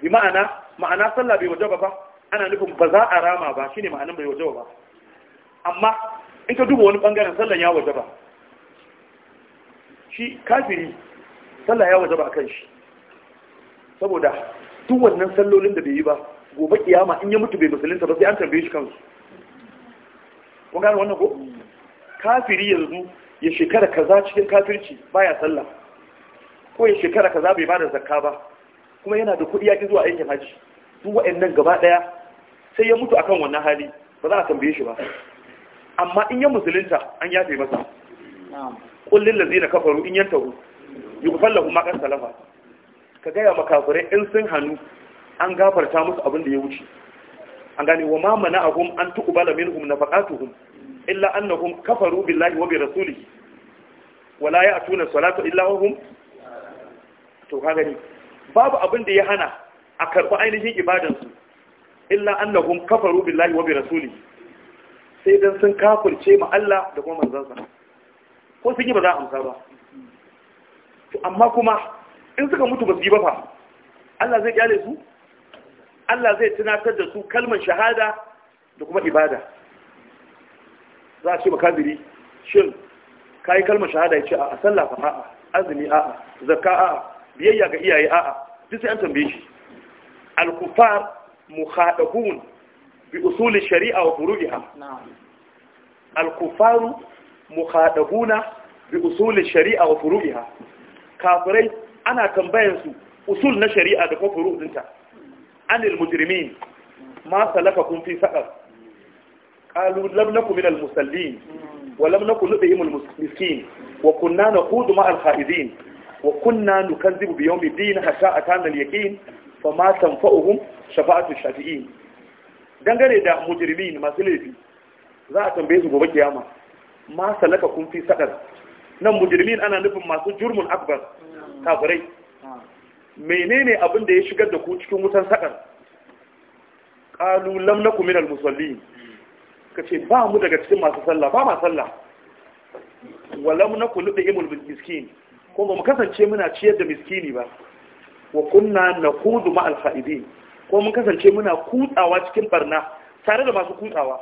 bi ma'ana ma'ana sallah bai waje ba ba ana nufin ba za a rama ba shine ma'anin bai waje ba amma in ka duba wani bangaren sallan ya waje ba shi kafiri sallan ya waje ba kan shi saboda duk wannan sallolin da bai yi ba gobe kiyama in ya mutu bai musulunta ba sai an tambaye shi kansu kun wannan ko kafiri yanzu ya shekara kaza cikin kafirci baya sallah ko ya shekara kaza bai ba da zakka ba kuma yana da kuɗi yaki zuwa aikin haji duk wa'annan gaba ɗaya sai ya mutu akan wannan hali ba za a tambaye shi ba amma in yi musulunta an yafe masa kullum da zina kafaru in yanta hu yi kufan kuma makar salafa ka gaya makafure in sun hannu an gafarta musu abin da ya wuce an gani wa mamana a hum an bala min hum na faƙatuhum illa an na annahum kafaru billahi wa bi rasulihi wala ya tuna salatu illa hum to ka gani babu abin da ya hana a karɓi ainihin ibadansu illa an na annahum kafaru billahi wa bi rasuli sai dan sun kafirce ma Allah da kuma manzansa ko sun yi ba za a amsa ba to amma kuma in suka mutu ba su yi ba fa Allah zai kyale su Allah zai tunatar da su kalmar shahada da kuma ibada za a ce ba kabiri shin yi kalmar shahada ya ce a sallah fa a'a azumi a'a Zaka? a'a biyayya ga iyaye a'a duk sai an tambaye shi al-kufar mukhadabun بأصول الشريعة نعم الكفار مخاطبون بأصول الشريعة وفروجها كافرين أنا تنبينسوا أصول الشريعة وفروج أنت عن المجرمين ما سلككم في سقر قالوا لم نكن من المسلمين نعم. ولم نكن نؤذيهم المسكين وكنا نقود مع الخائدين وكنا نكذب بيوم الدين حتى أتانا اليقين فما تنفعهم شفاعة الشافعين dangane da mujrimin masu laifi za a tambaye su gobe kiyama ma salaka kun fi sadar nan mujirmin ana nufin masu jurmun akbar kafirai menene abin da ya shigar da ku cikin wutan sadar kalulam na nakum minal Ka ce ba mu daga cikin masu sallah ba masu sallah walam nakum ludimul miskin ko ba mu kasance muna ciyar da miskini ba wa kunna na kudu al-fa'idin ko mun kasance muna kutsawa cikin barna tare da masu kutsawa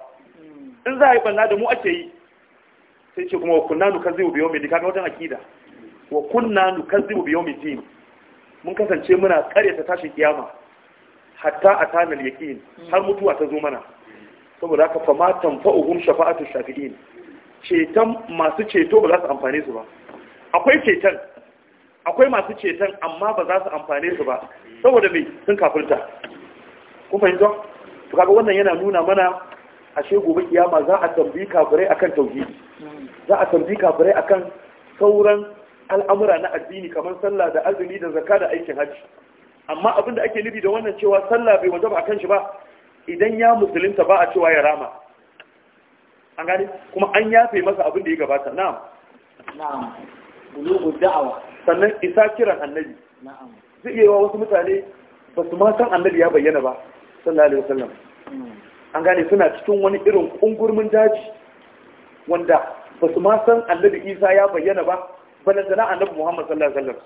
in za a yi barna da mu ake yi sai ce kuma wa kunna nukazzibu bi yawmi dika wajen akida wa kunna nukazzibu bi yawmi din mun kasance muna karyata tashin kiyama hatta a al yaƙin, har mutuwa ta zo mana saboda haka fa ma tanfa'uhum shafa'atu shafi'in ceton masu ceto ba za su amfane su ba akwai ceton akwai masu ceton amma ba za su amfane su ba saboda mai sun kafirta kun fahimta to kaga wannan yana nuna mana ashe gobe kiyama za a tambayi kafirai akan tauhidi za a tambayi kafirai akan sauran al'amura na addini kamar sallah da azumi da zakka da aikin hajji amma abin da ake nufi da wannan cewa sallah bai wajaba akan shi ba idan ya musulunta ba a cewa ya rama an gani kuma an yafe masa abin da ya gabata na'am na'am bulugu da'awa sannan isa kiran annabi na'am zai yi wa wasu mutane ba su ma san annabi ya bayyana ba sallallahu alaihi wasallam an gane suna cikin wani irin kungurmin daji wanda ba su ma san annabi isa ya bayyana ba balantana annabi muhammad sallallahu alaihi wasallam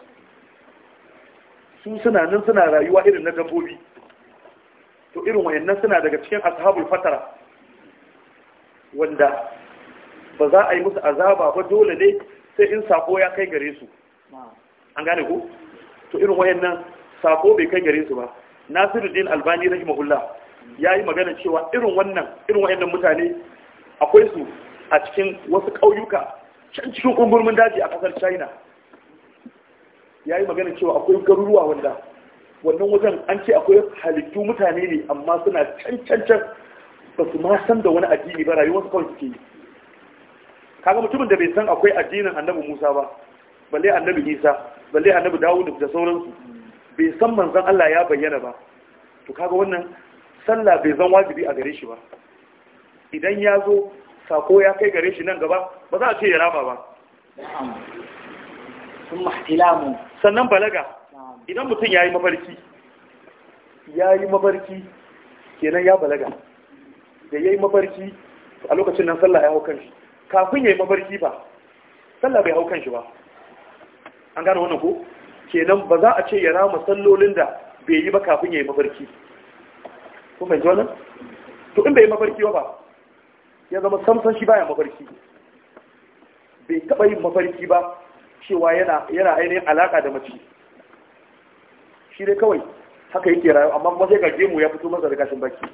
su suna nan suna rayuwa irin na dabbobi to irin wayannan suna daga cikin ashabul fatara wanda ba za a yi musu azaba ba dole ne sai in sako ya kai gare su an gane ku to irin wayannan sako bai kai gare su ba nasiruddin albani rahimahullah ya yi magana cewa irin wannan irin wa'annan mutane akwai su a cikin wasu ƙauyuka can cikin kungurmin daji a ƙasar china ya yi magana cewa akwai garuruwa wanda wannan wajen an ce akwai halittu mutane ne amma suna can can can ba su ma san da wani addini ba su kawai suke yi kaga mutumin da bai san akwai addinin annabi musa ba balle annabi isa balle annabi dawud da sauransu bai san manzan Allah ya bayyana ba to kaga wannan sallah bai zan wajibi a gare shi ba idan ya zo sako ya kai gare shi nan gaba ba za a ce ya rama ba sannan balaga idan mutum ya yi mafarki ya yi mafarki kenan ya balaga da ya yi mafarki a lokacin nan sallah ya hau kanshi kafin ya yi mafarki ba sallah bai hau kanshi ba an gane wannan ko kenan ba za a ce ya rama sallolin da bai yi ba kafin ya yi mafarki kuma fahimci wannan to in bai yi mafarki ba ya zama samson shi baya mafarki bai taɓa yin mafarki ba cewa yana ainihin alaƙa da mace shi dai kawai haka yake rayu amma kuma sai ga gemu ya fito masa da kashin baki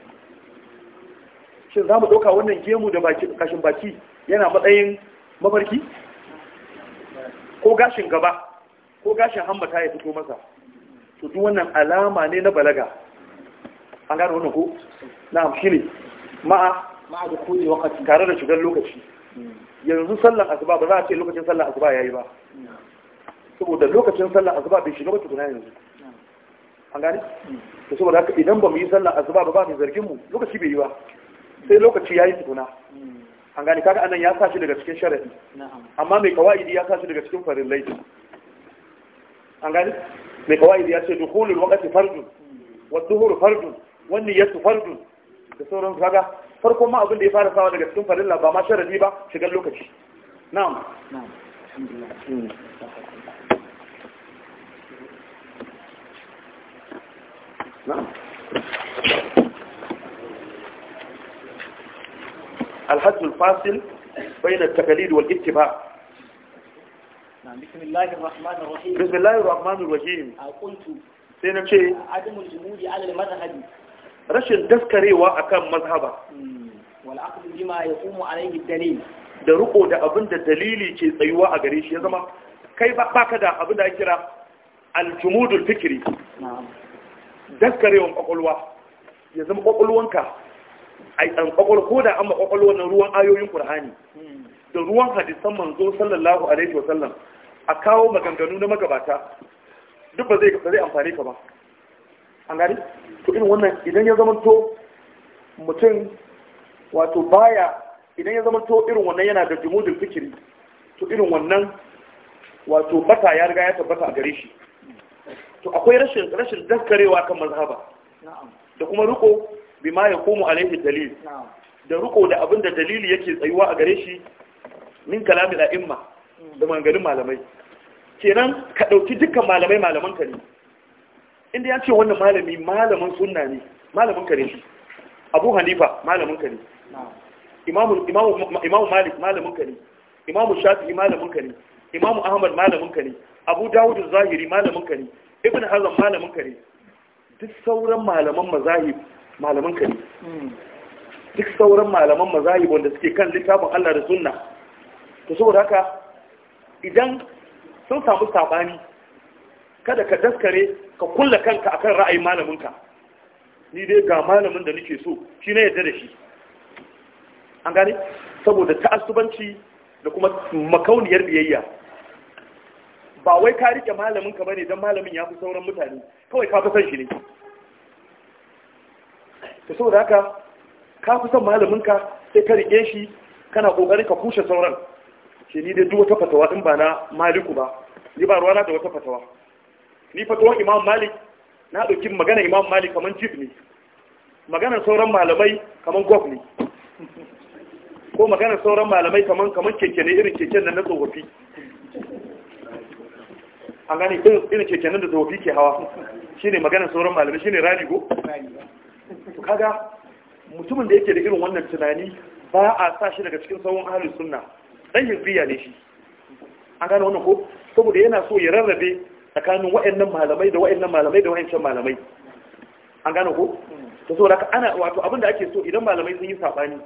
shin za mu ɗauka wannan gemu da kashin baki yana matsayin mafarki ko gashin gaba ko gashin ta ya fito masa to duk wannan alama ne na balaga an gano wannan ko na'am shine ma'a ma'a da koyi wakati tare da shigar lokaci yanzu sallar asuba ba za a ce lokacin sallar asuba yayi ba saboda lokacin sallar asuba bai shiga wata kuna yanzu an gane to saboda haka idan ba mu yi sallar asuba ba ba mu zargin mu lokaci bai yi ba sai lokaci yayi tukuna an gane kaga anan ya sa shi daga cikin sharadi amma mai kawaidi ya sa shi daga cikin farin laifi an gani mai kawai ya ce dukulul wakati fardun wa duhuru fardun wani yasu fardun da sauran kaga farkon ma abin da ya fara sawa daga cikin farilla ba ma sharadi ba shigar lokaci na'am na'am الحد الفاصل بين التقليد والاتباع بسم الله الرحمن الرحيم بسم الله الرحمن الرحيم قلت sai na ce adamul jumudi alal mazhabi rashin daskarewa akan mazhaba hmm, wal aqd bima yaqumu alayhi dalil da riko da abin da dalili ke tsayuwa a gare shi ya zama kai baka da abin da kira al jumudul fikri daskarewan kwakwalwa ya zama kwakwalwanka a an kwakwal ko da an ma na ruwan ayoyin qur'ani hmm. da ruwan hadisan manzo sallallahu alaihi wasallam a kawo maganganu na magabata duk ba zai amfani ka ba an gani to irin wannan idan ya zama to mutum wato baya idan ya zama to irin wannan yana da jimudin fikiri to irin wannan wato bata ya riga ya tabbata a gare shi to akwai rashin rashin daskarewa kan mazhaba da kuma riko ma ya komo alaihi dalil da riko da abin da dalili yake tsayuwa a gare shi min kalamin a'imma da maganin malamai kenan ka ɗauki dukkan malamai malaman ka ne inda ya ce wannan malami malaman sunna ne malamin ka ne shi abu hanifa malamin ka ne imamu malik malamin ka ne imamu Shafi malamin ka ne imamu ahmad malamin ka ne abu dawud zahiri malamin ka ne ibn hazan malamin ka ne duk sauran malaman mazahib malamin ka ne duk sauran malaman mazahib wanda suke kan littafin Allah da sunna to saboda haka idan sun samu saɓani kada ka daskare ka kulla kanka akan ra'ayin malaminka ni dai ga malamin da nake so shi na yadda da shi an gane saboda ta'assubanci da kuma makauniyar biyayya ba wai ka rike malaminka ka bane dan malamin ya fi sauran mutane kawai ka fi son shi ne to saboda haka ka fi son malaminka sai ka rike shi kana kokarin ka kushe sauran ce ni dai duk wata fatawa din ba na maliku ba ni ba na da wata fatawa ni fatawan imam malik na ɗauki magana imam malik kamar jif ne maganar sauran malamai kamar gof ne ko maganar sauran malamai kamar kamar keke ne irin keke nan na tsofaffi an gane irin keke nan da tsofaffi ke hawa shine maganar sauran malamai shine rani go to kaga mutumin da yake da irin wannan tunani ba a sa shi daga cikin sauran ahlus sunna dan hizbiya ne shi an gane wannan ko saboda yana so ya rarrabe tsakanin wa'annan malamai da wa'annan malamai da wa'ancan malamai an gane ko to saboda ka ana wato abin da ake so idan malamai sun yi sabani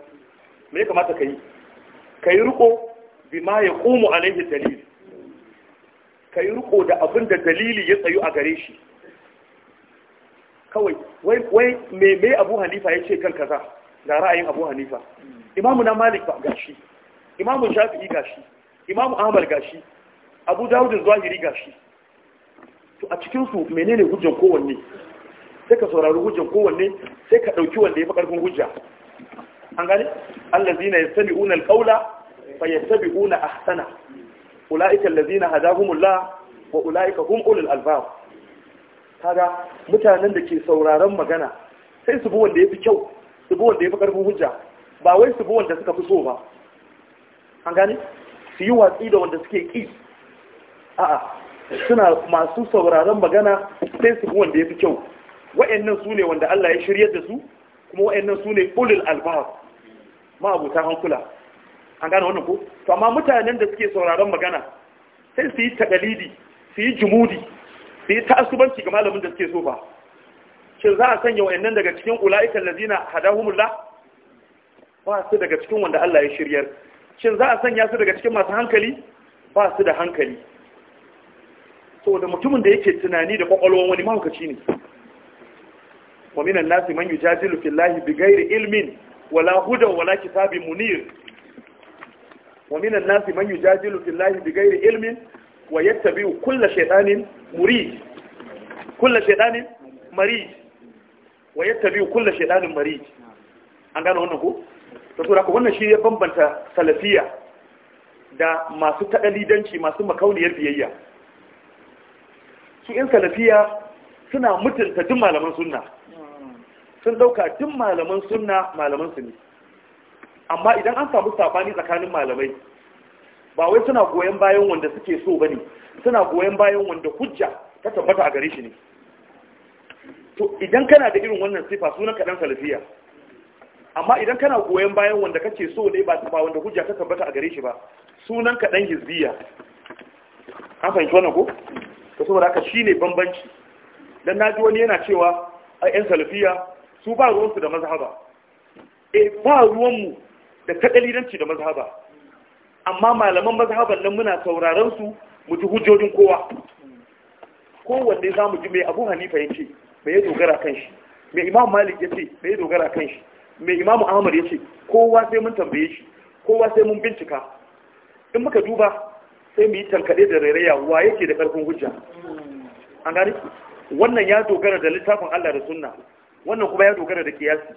me ya kamata kai kai riko bima ya qumu alaihi dalil kai riko da abin da dalili ya tsayu a gare shi kawai wai wai me me Abu Hanifa yace kan kaza ga ra'ayin Abu Hanifa imamu na Malik ba gashi imamu shafi'i gashi imamu ahmad gashi abu dawud zuwa zahiri gashi to a cikin su menene hujjar kowanne sai ka saurari hujjar kowanne sai ka dauki wanda yafi karfin hujja an gane allazina yastabi'una al-qawla fayattabi'una ahsana ulaika allazina hadahumullah wa ulaika hum ulul albab kaga mutanen da ke sauraron magana sai su bi wanda yafi kyau su bi wanda yafi karfin hujja ba wai su bi wanda suka fi so ba an gane su yi watsi da wanda suke ƙi a'a suna masu sauraron magana sai su wanda ya fi kyau wa'annan su ne wanda Allah ya shirya da su kuma wa'annan su ne ulul albab ma'abuta hankula an gane wannan ko to amma mutanen da suke sauraron magana sai su yi takalidi su yi jumudi su yi ta'assubanci ga malamin da suke so ba shin za a sanya wa'annan daga cikin ula'ikan lazina hadahumullah ba su daga cikin wanda Allah ya shiryar shin za a sanya su daga cikin masu hankali ba su da hankali So da mutumin da yake tunani da kwakwalwan wani mahaukaci ne wa minan nasi man yujadilu fillahi bighairi ilmin wala hudan wala kitabin munir wa minan nasi man yujadilu fillahi bighairi ilmin wa yattabi'u kulla shaytanin muri, kulla shaytanin mari wa yattabi'u kulla shaytanin mari. an gano wannan ko da su wannan shi ya bambanta salafiya da masu taɗalidanci masu makauniyar biyayya su in salafiya suna mutunta duk malaman sunna sun ɗauka duk malaman sunna malaman su ne amma idan an samu saɓani tsakanin malamai ba wai suna goyon bayan wanda suke so ba ne suna goyon bayan wanda hujja ta tabbata a gare shi ne to idan kana da irin wannan sifa sunan kaɗan salafiya amma idan kana goyon bayan wanda kake so ne ba ba wanda hujja ka tabbata a gare shi ba sunan ka dan hizbiya an fahimci wannan ko to saboda haka shine bambanci dan naji wani yana cewa a yan salafiya su ba ruwan su da mazhaba eh ba ruwan mu da kadalidanci da mazhaba amma malaman mazhaban nan muna sauraron su mu ji hujjojin kowa kowanne za mu ji mai abu hanifa yace mai dogara kan shi mai imam malik ya ce mai dogara kan shi mai imamu ahmad ya ce kowa sai mun tambaye shi kowa sai mun bincika in muka duba sai mu yi tankaɗe da rairaya wa yake da ƙarfin hujja an gani wannan ya dogara da littafin allah da sunna wannan kuma ya dogara da kiyasi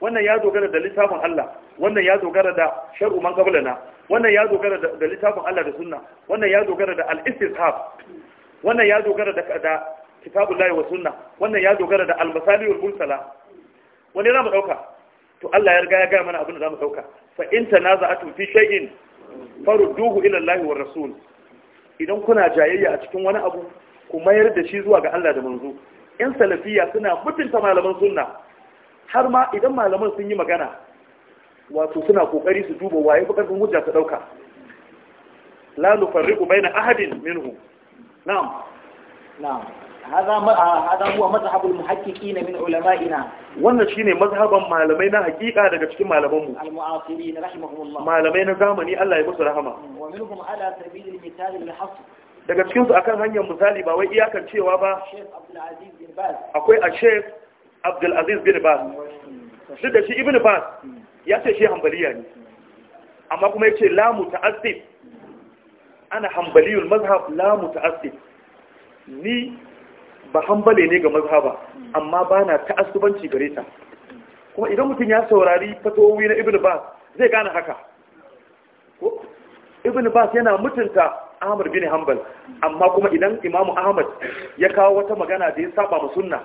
wannan ya dogara da littafin allah wannan ya dogara da shar'u man qablana wannan ya dogara da littafin allah da sunna wannan ya dogara da al istihab wannan ya dogara da kitabullahi wa sunna wannan ya dogara da al-masalihul mursala wani na mu dauka to Allah ya riga ya gaya mana abin da zamu dauka fa in tanaza'atum fi shay'in farudduhu ila Allah wa rasul idan kuna jayayya a cikin wani abu ku mayar da shi zuwa ga Allah da manzo in salafiya suna mutunta malaman sunna har ma idan malaman sun yi magana wato suna kokari su duba waye bukatun hujja ta dauka la nufarriqu baina ahadin minhu na'am na'am هذا هو مذهب المحققين من علمائنا wannan shine mazhaban malamai na hakika daga cikin malaman mu rahimahumullah malamai na zamani Allah ya musu rahama wa minhum ala sabil al-mithal daga cikin su akan hanyar misali ba wai iyakar cewa ba akwai a Sheikh Abdul Aziz bin Baz Shi da shi Ibn Baz ya ce shi hanbaliya ne amma kuma yace la muta'assib ana hanbaliyul mazhab la muta'assib ni ba hambale ne ga mazhaba amma ba na ta'assubanci gare ta kuma idan mutum ya saurari fatawowi na ibn bas zai gane haka ko ibn bas yana mutunta ahmad bin hanbal amma kuma idan imamu ahmad ya kawo wata magana da ya saba ma sunna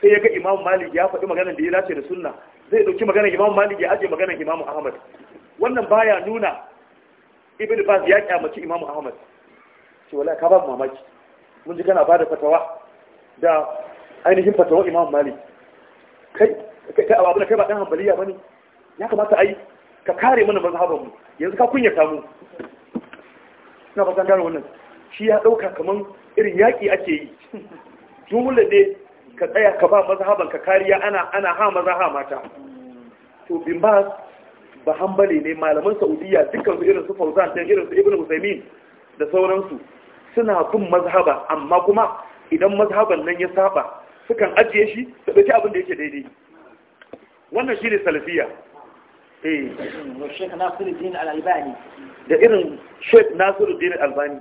sai ya ga imamu malik ya faɗi magana da ya dace da sunna zai ɗauki magana imamu malik ya aje magana imamu ahmad wannan baya nuna ibn bas ya kyamaci imamu ahmad ce wala ka ba mamaki mun ji kana bada fatawa da ainihin fatawar imam mali kai kai abu kai ba dan hanbaliya bane ya kamata ai ka kare mana mazhaban mu yanzu ka kunyata mu na ba san gane wannan shi ya dauka kaman irin yaki ake yi jumla ne ka tsaya ka ba mazhaban ka kariya ana ana ha maza ha mata to bin ba ba hanbali ne malaman saudiya dukkan su irin su fauzan irin su ibnu usaimin da sauransu suna bin mazhaba amma kuma idan mazhaban nan ya saba sukan ajiye shi da dace abin da yake daidai wannan shi ne salafiya eh. da irin sheik nasiruddin albani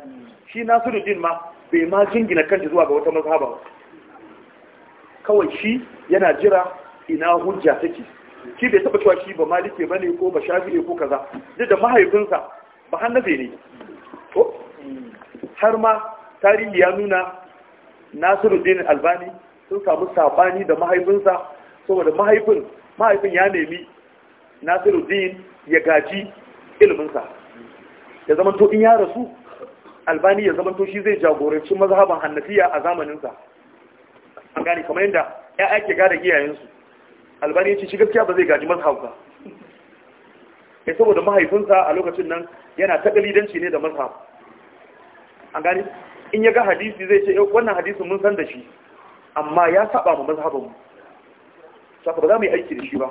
shi nasiruddin ma bai ma jingina kanta zuwa ga wata mazhaba kawai shi yana jira ina hujja take shi bai taba cewa shi ba malike ba ko ba shafi'e ko kaza duk da mahaifinsa ba hannabe ne hmm. har ma tarihi ya nuna nasiruddin albani sun samu sabani da mahaifinsa saboda mahaifin mahaifin ya nemi nasiruddin ya gaji ilminsa. ya zamanto in ya rasu albani ya zamanto shi zai jagoranci mazhaban hannafiya a zamaninsa an gani kamar yadda ya ake gada giyayensu. albani ya ce shi gaskiya ba zai gaji mazhab ba ya saboda mahaifinsa a lokacin nan yana ta ne da mazhab an gani in ya ga hadisi zai ce eh, wannan hadisi mun san da shi amma ya saba mu mazhabinmu saka ba za mu yi aiki da shi ba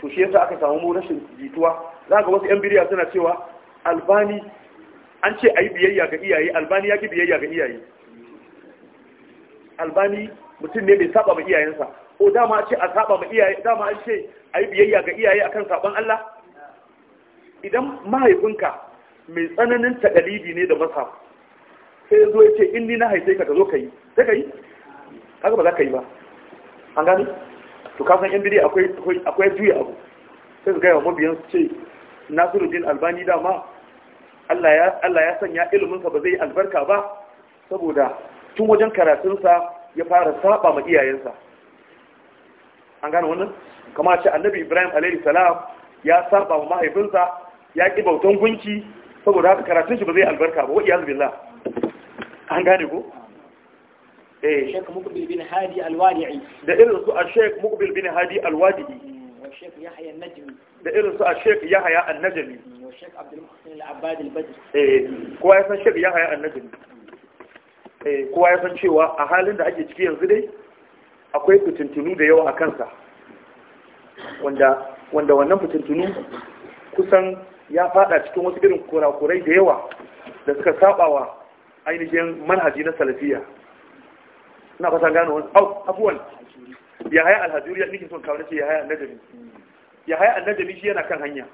to shi yasa aka samu rashin jituwa za ga wasu 'yan biriya suna cewa albani an ce ayi biyayya ga iyaye albani ya ki biyayya ga iyaye albani mutum ne bai saba ma iyayensa ko dama ce a saba ma iyaye dama an ce ayi biyayya ga iyaye akan saban Allah idan mahaifinka mai tsananin takalidi ne da masa sai ya zo ya ce in ni na haife ka ka zo ka yi sai ka yi kaga ba za ka yi ba an gani to kasan yan bidi akwai juya abu sai su gaya wa mabiyan su ce nasiruddin albani dama Allah ya sanya iliminsa ba zai albarka ba saboda tun wajen karatun sa ya fara saba ma iyayensa an gane wannan kamar ce annabi ibrahim alaihi salam ya saba ma mahaifinsa ya ki bautan gunki saboda haka karatun shi ba zai albarka ba wa iyaz billah an gane ku? eh Sheikh bin Hadi al da irin su a Sheikh Muqbil bin Hadi al mm, da irin su a ده إرس الشيخ يحيى النجمي والشيخ عبد المحسن العباد البدر إيه كوا يسن الشيخ يحيى النجمي إيه كوا يسن شيوا أهالين ده أجي تكي akwai fitintunu da yawa a kansa wanda wanda wannan fitintunu kusan ya fada cikin wasu irin kurakurai da yawa da suka sabawa ainihin manhaji na salafiya na fata gano wani au abuwan ya haya alhajuriya nikin son kawo nace ya haya annajami ya haya annajami shi yana kan hanya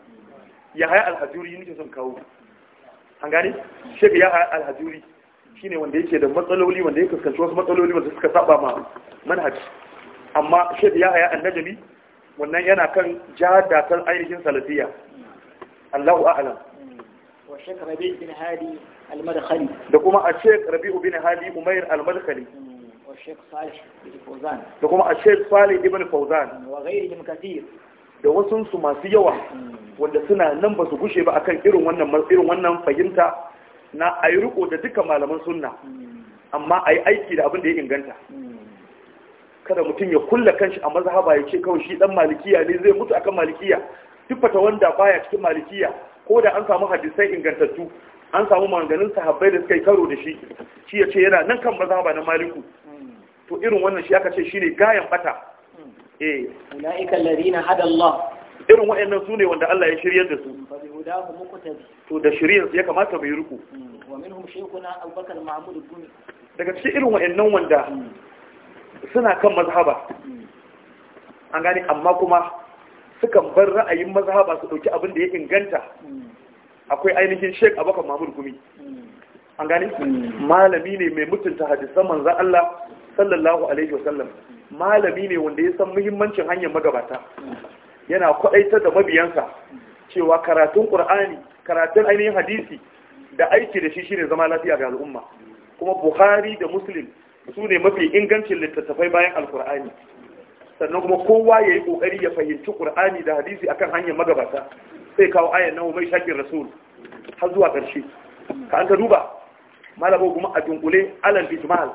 ya haya alhajuri nikin son kawo an gane shi ya haya alhajuri shine wanda yake da matsaloli wanda ya fuskanci wasu matsaloli wanda suka saba ma manhaji amma shi ya haya annajami wannan yana kan jihar datar ainihin salafiya Allahu a'lam والشيخ ربيع بن هادي المدخلي دكما الشيخ ربيع بن هادي أمير المدخلي والشيخ صالح بن فوزان دكما الشيخ صالح بن فوزان وغيرهم كثير da hmm, hmm, wasansu masu yawa hmm. wanda suna nan ba su gushe ba akan irin wannan irin wannan fahimta na a yi da duka malaman sunna amma a yi aiki da abin da ya inganta kada mutum ya kulla kanshi a mazhaba ya ce kawai shi dan malikiya ne zai mutu akan malikiya tuffata wanda baya cikin malikiya ko da an samu hadisai ingantattu an samu maganin sahabbai da suka yi karo da shi shi ya ce yana nan kan mazaba na maliku to irin wannan shi aka ce shi ne gayan bata eh ulaika alladhina hada Allah irin waɗannan su ne wanda Allah ya shiryar da su to da shiryar ya kamata mai ruku mm. daga cikin irin waɗannan wanda mm. suna kan mazhaba mm. an gane amma kuma sukan bar ra'ayin mazhaba su dauki abin da ya inganta akwai ainihin a Abubakar Mahmud Gumi an gane malami ne mai mutunta hadisan manzon Allah sallallahu alaihi wasallam malami ne wanda ya san muhimmancin hanyar magabata yana kwadaitar da mabiyansa cewa karatun Qur'ani karatun ainihin hadisi da aiki da shi shine zama lafiya ga al'umma kuma Bukhari da Muslim su ne mafi ingancin littattafai bayan Al-Qur'ani sannan kuma kowa ya yi ƙoƙari ya fahimci ƙur'ani da hadisi akan hanyar magabata sai kawo ayan nan mai shakin rasul har zuwa ƙarshe ka an ka duba malabo kuma a dunkule Alan ijmal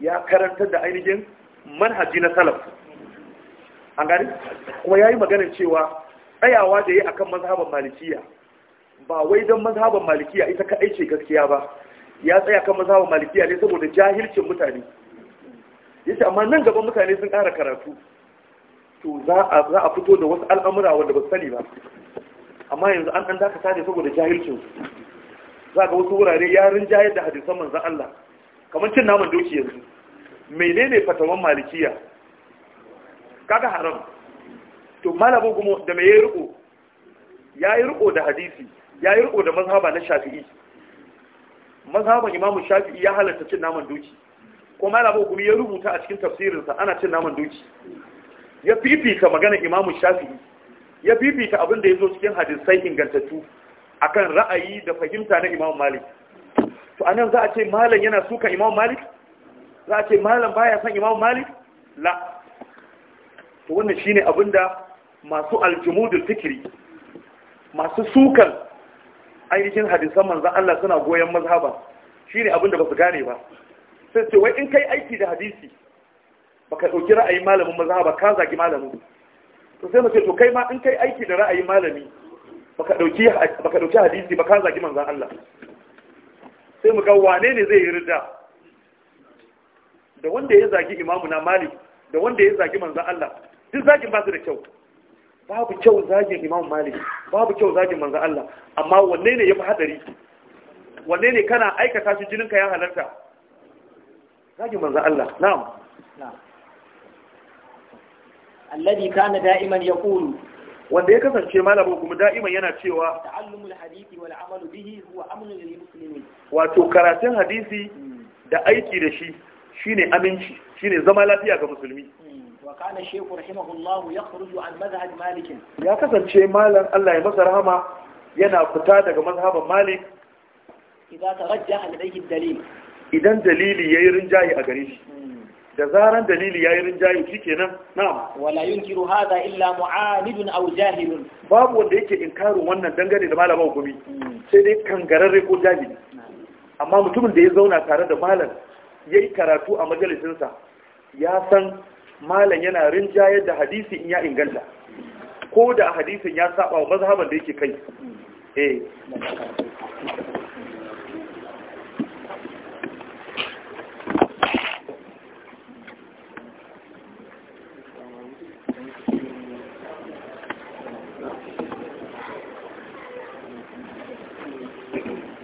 ya karantar da ainihin manhaji na salaf an gani kuma ya yi maganar cewa tsayawa da yi akan mazhaban malikiya ba wai don mazhaban malikiya ita kaɗai ce gaskiya ba ya tsaya kan mazhaban malikiya ne saboda jahilcin mutane yace amma nan gaban mutane sun ƙara karatu to za a fito da wasu al'amura wanda ba su sani ba amma yanzu an ɗan dakata ne saboda jahilcin za ga wasu wurare yarin jayar da hadisan manzan Allah kamar cin naman doki yanzu menene fatawan malikiya kaga haram to malamin kuma da mai ya ya yi riko da hadisi ya yi riko da mazhaba na shafi'i mazhaban imamu shafi'i ya halatta cin naman doki ko malamin kuma ya rubuta a cikin tafsirinsa ana cin naman doki ya fifita magana imamu shafi'i ya fifita abin da ya zo cikin hadisai ingantattu akan ra'ayi da fahimta na imamu malik to anan za a ce malam yana suka imamu malik za a ce malam baya son imamu malik la to wannan shine abin da masu aljumudul fikri masu sukan ainihin hadisan manzan Allah suna goyon mazhaba shine abin da ba su gane ba sai ce wai in kai aiki da hadisi baka dauki ra'ayin malamin mazhaba ka zagi malamin to sai mace to kai ma in kai aiki da ra'ayin malami baka dauki baka dauki hadisi ba ka zagi manzon Allah sai mu ga wane ne zai yi rida da wanda ya zagi imamu na malik da wanda ya zagi manzon Allah duk zagin ba su da kyau babu kyau zagin imamu malik babu kyau zagin manzon Allah amma wanne ne ya fi hadari wanne ne kana aikata shi jininka ya halarta zagin manzon Allah na'am na'am alladhi kana da'iman yaqulu wanda ya kasance malamin kuma da'iman yana cewa ta'allumul hadisi wal amalu bihi huwa amnun lil muslimin wato karatun hadisi da aiki da shi shine aminci shine zama lafiya ga musulmi hmm. wa kana shaykhu rahimahullahu yakhruju an madhhab malik ya kasance malam Allah ya masa rahama yana fita daga mazhaban malik idan tarajjaha ladayhi dalil idan dalili yayi rinjaye a gare shi da zaran dalili yi rinjayi na na'am wala yunkiru haza illa mu'anidun a jahilun babu wanda yake inkarin wannan dangane da malama gumi, hmm. sai dai kan gararre ko jahili amma mutumin da ya zauna tare da malam ya yi karatu a majalisinsa ya san malam yana rinjaye da hadisi in ya inganta ko da hadisin ya saba wa mazhaban da yake kai hmm. eh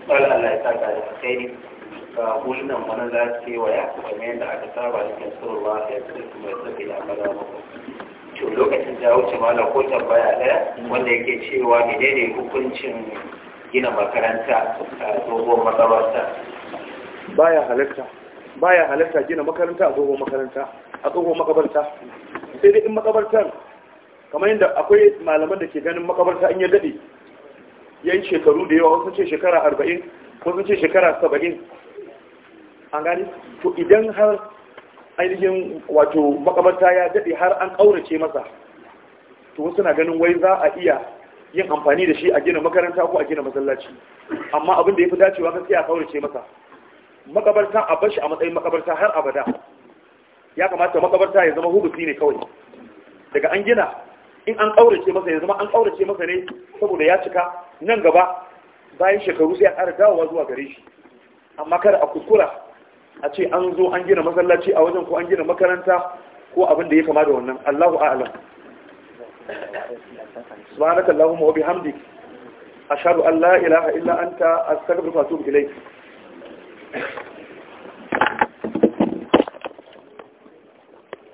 bala Allah ya saka da kai ga hulunan wani za su yi waya kamar yadda aka saba da kan surwa da ya fi kuma ya tafi da amara ba. to lokacin da ya wuce mala ko tambaya ɗaya wanda yake cewa menene hukuncin gina makaranta a dogon makabarta baya halitta baya halitta gina makaranta a tsohon makaranta a tsohon makabarta sai dai in makabartar kamar yadda akwai malaman da ke ganin makabarta an yi daɗe yayin shekaru da yawa wasu ce shekara arba'in wasu ce shekara saba'in an gani to idan har ainihin wato makabarta ya daɗe har an ƙaurace masa to wasu na ganin wai za a iya yin amfani da shi a gina makaranta ko a gina masallaci amma abin da ya fi dacewa siya a ƙaurace masa makabarta a bashi a matsayin makabarta har abada ya kamata makabarta ya zama hubusi ne kawai daga an gina in an ƙaurace masa ya zama an ƙaurace masa ne saboda ya cika nan gaba bayan shekaru sai a ƙara dawowa zuwa gare shi amma kada a kuskura a ce an zo an gina masallaci a wajen ko an gina makaranta ko abin da ya kama da wannan Allahu a'lam subhanaka allahumma wa bihamdik ashhadu an la ilaha illa anta astaghfiruka wa atubu ilayk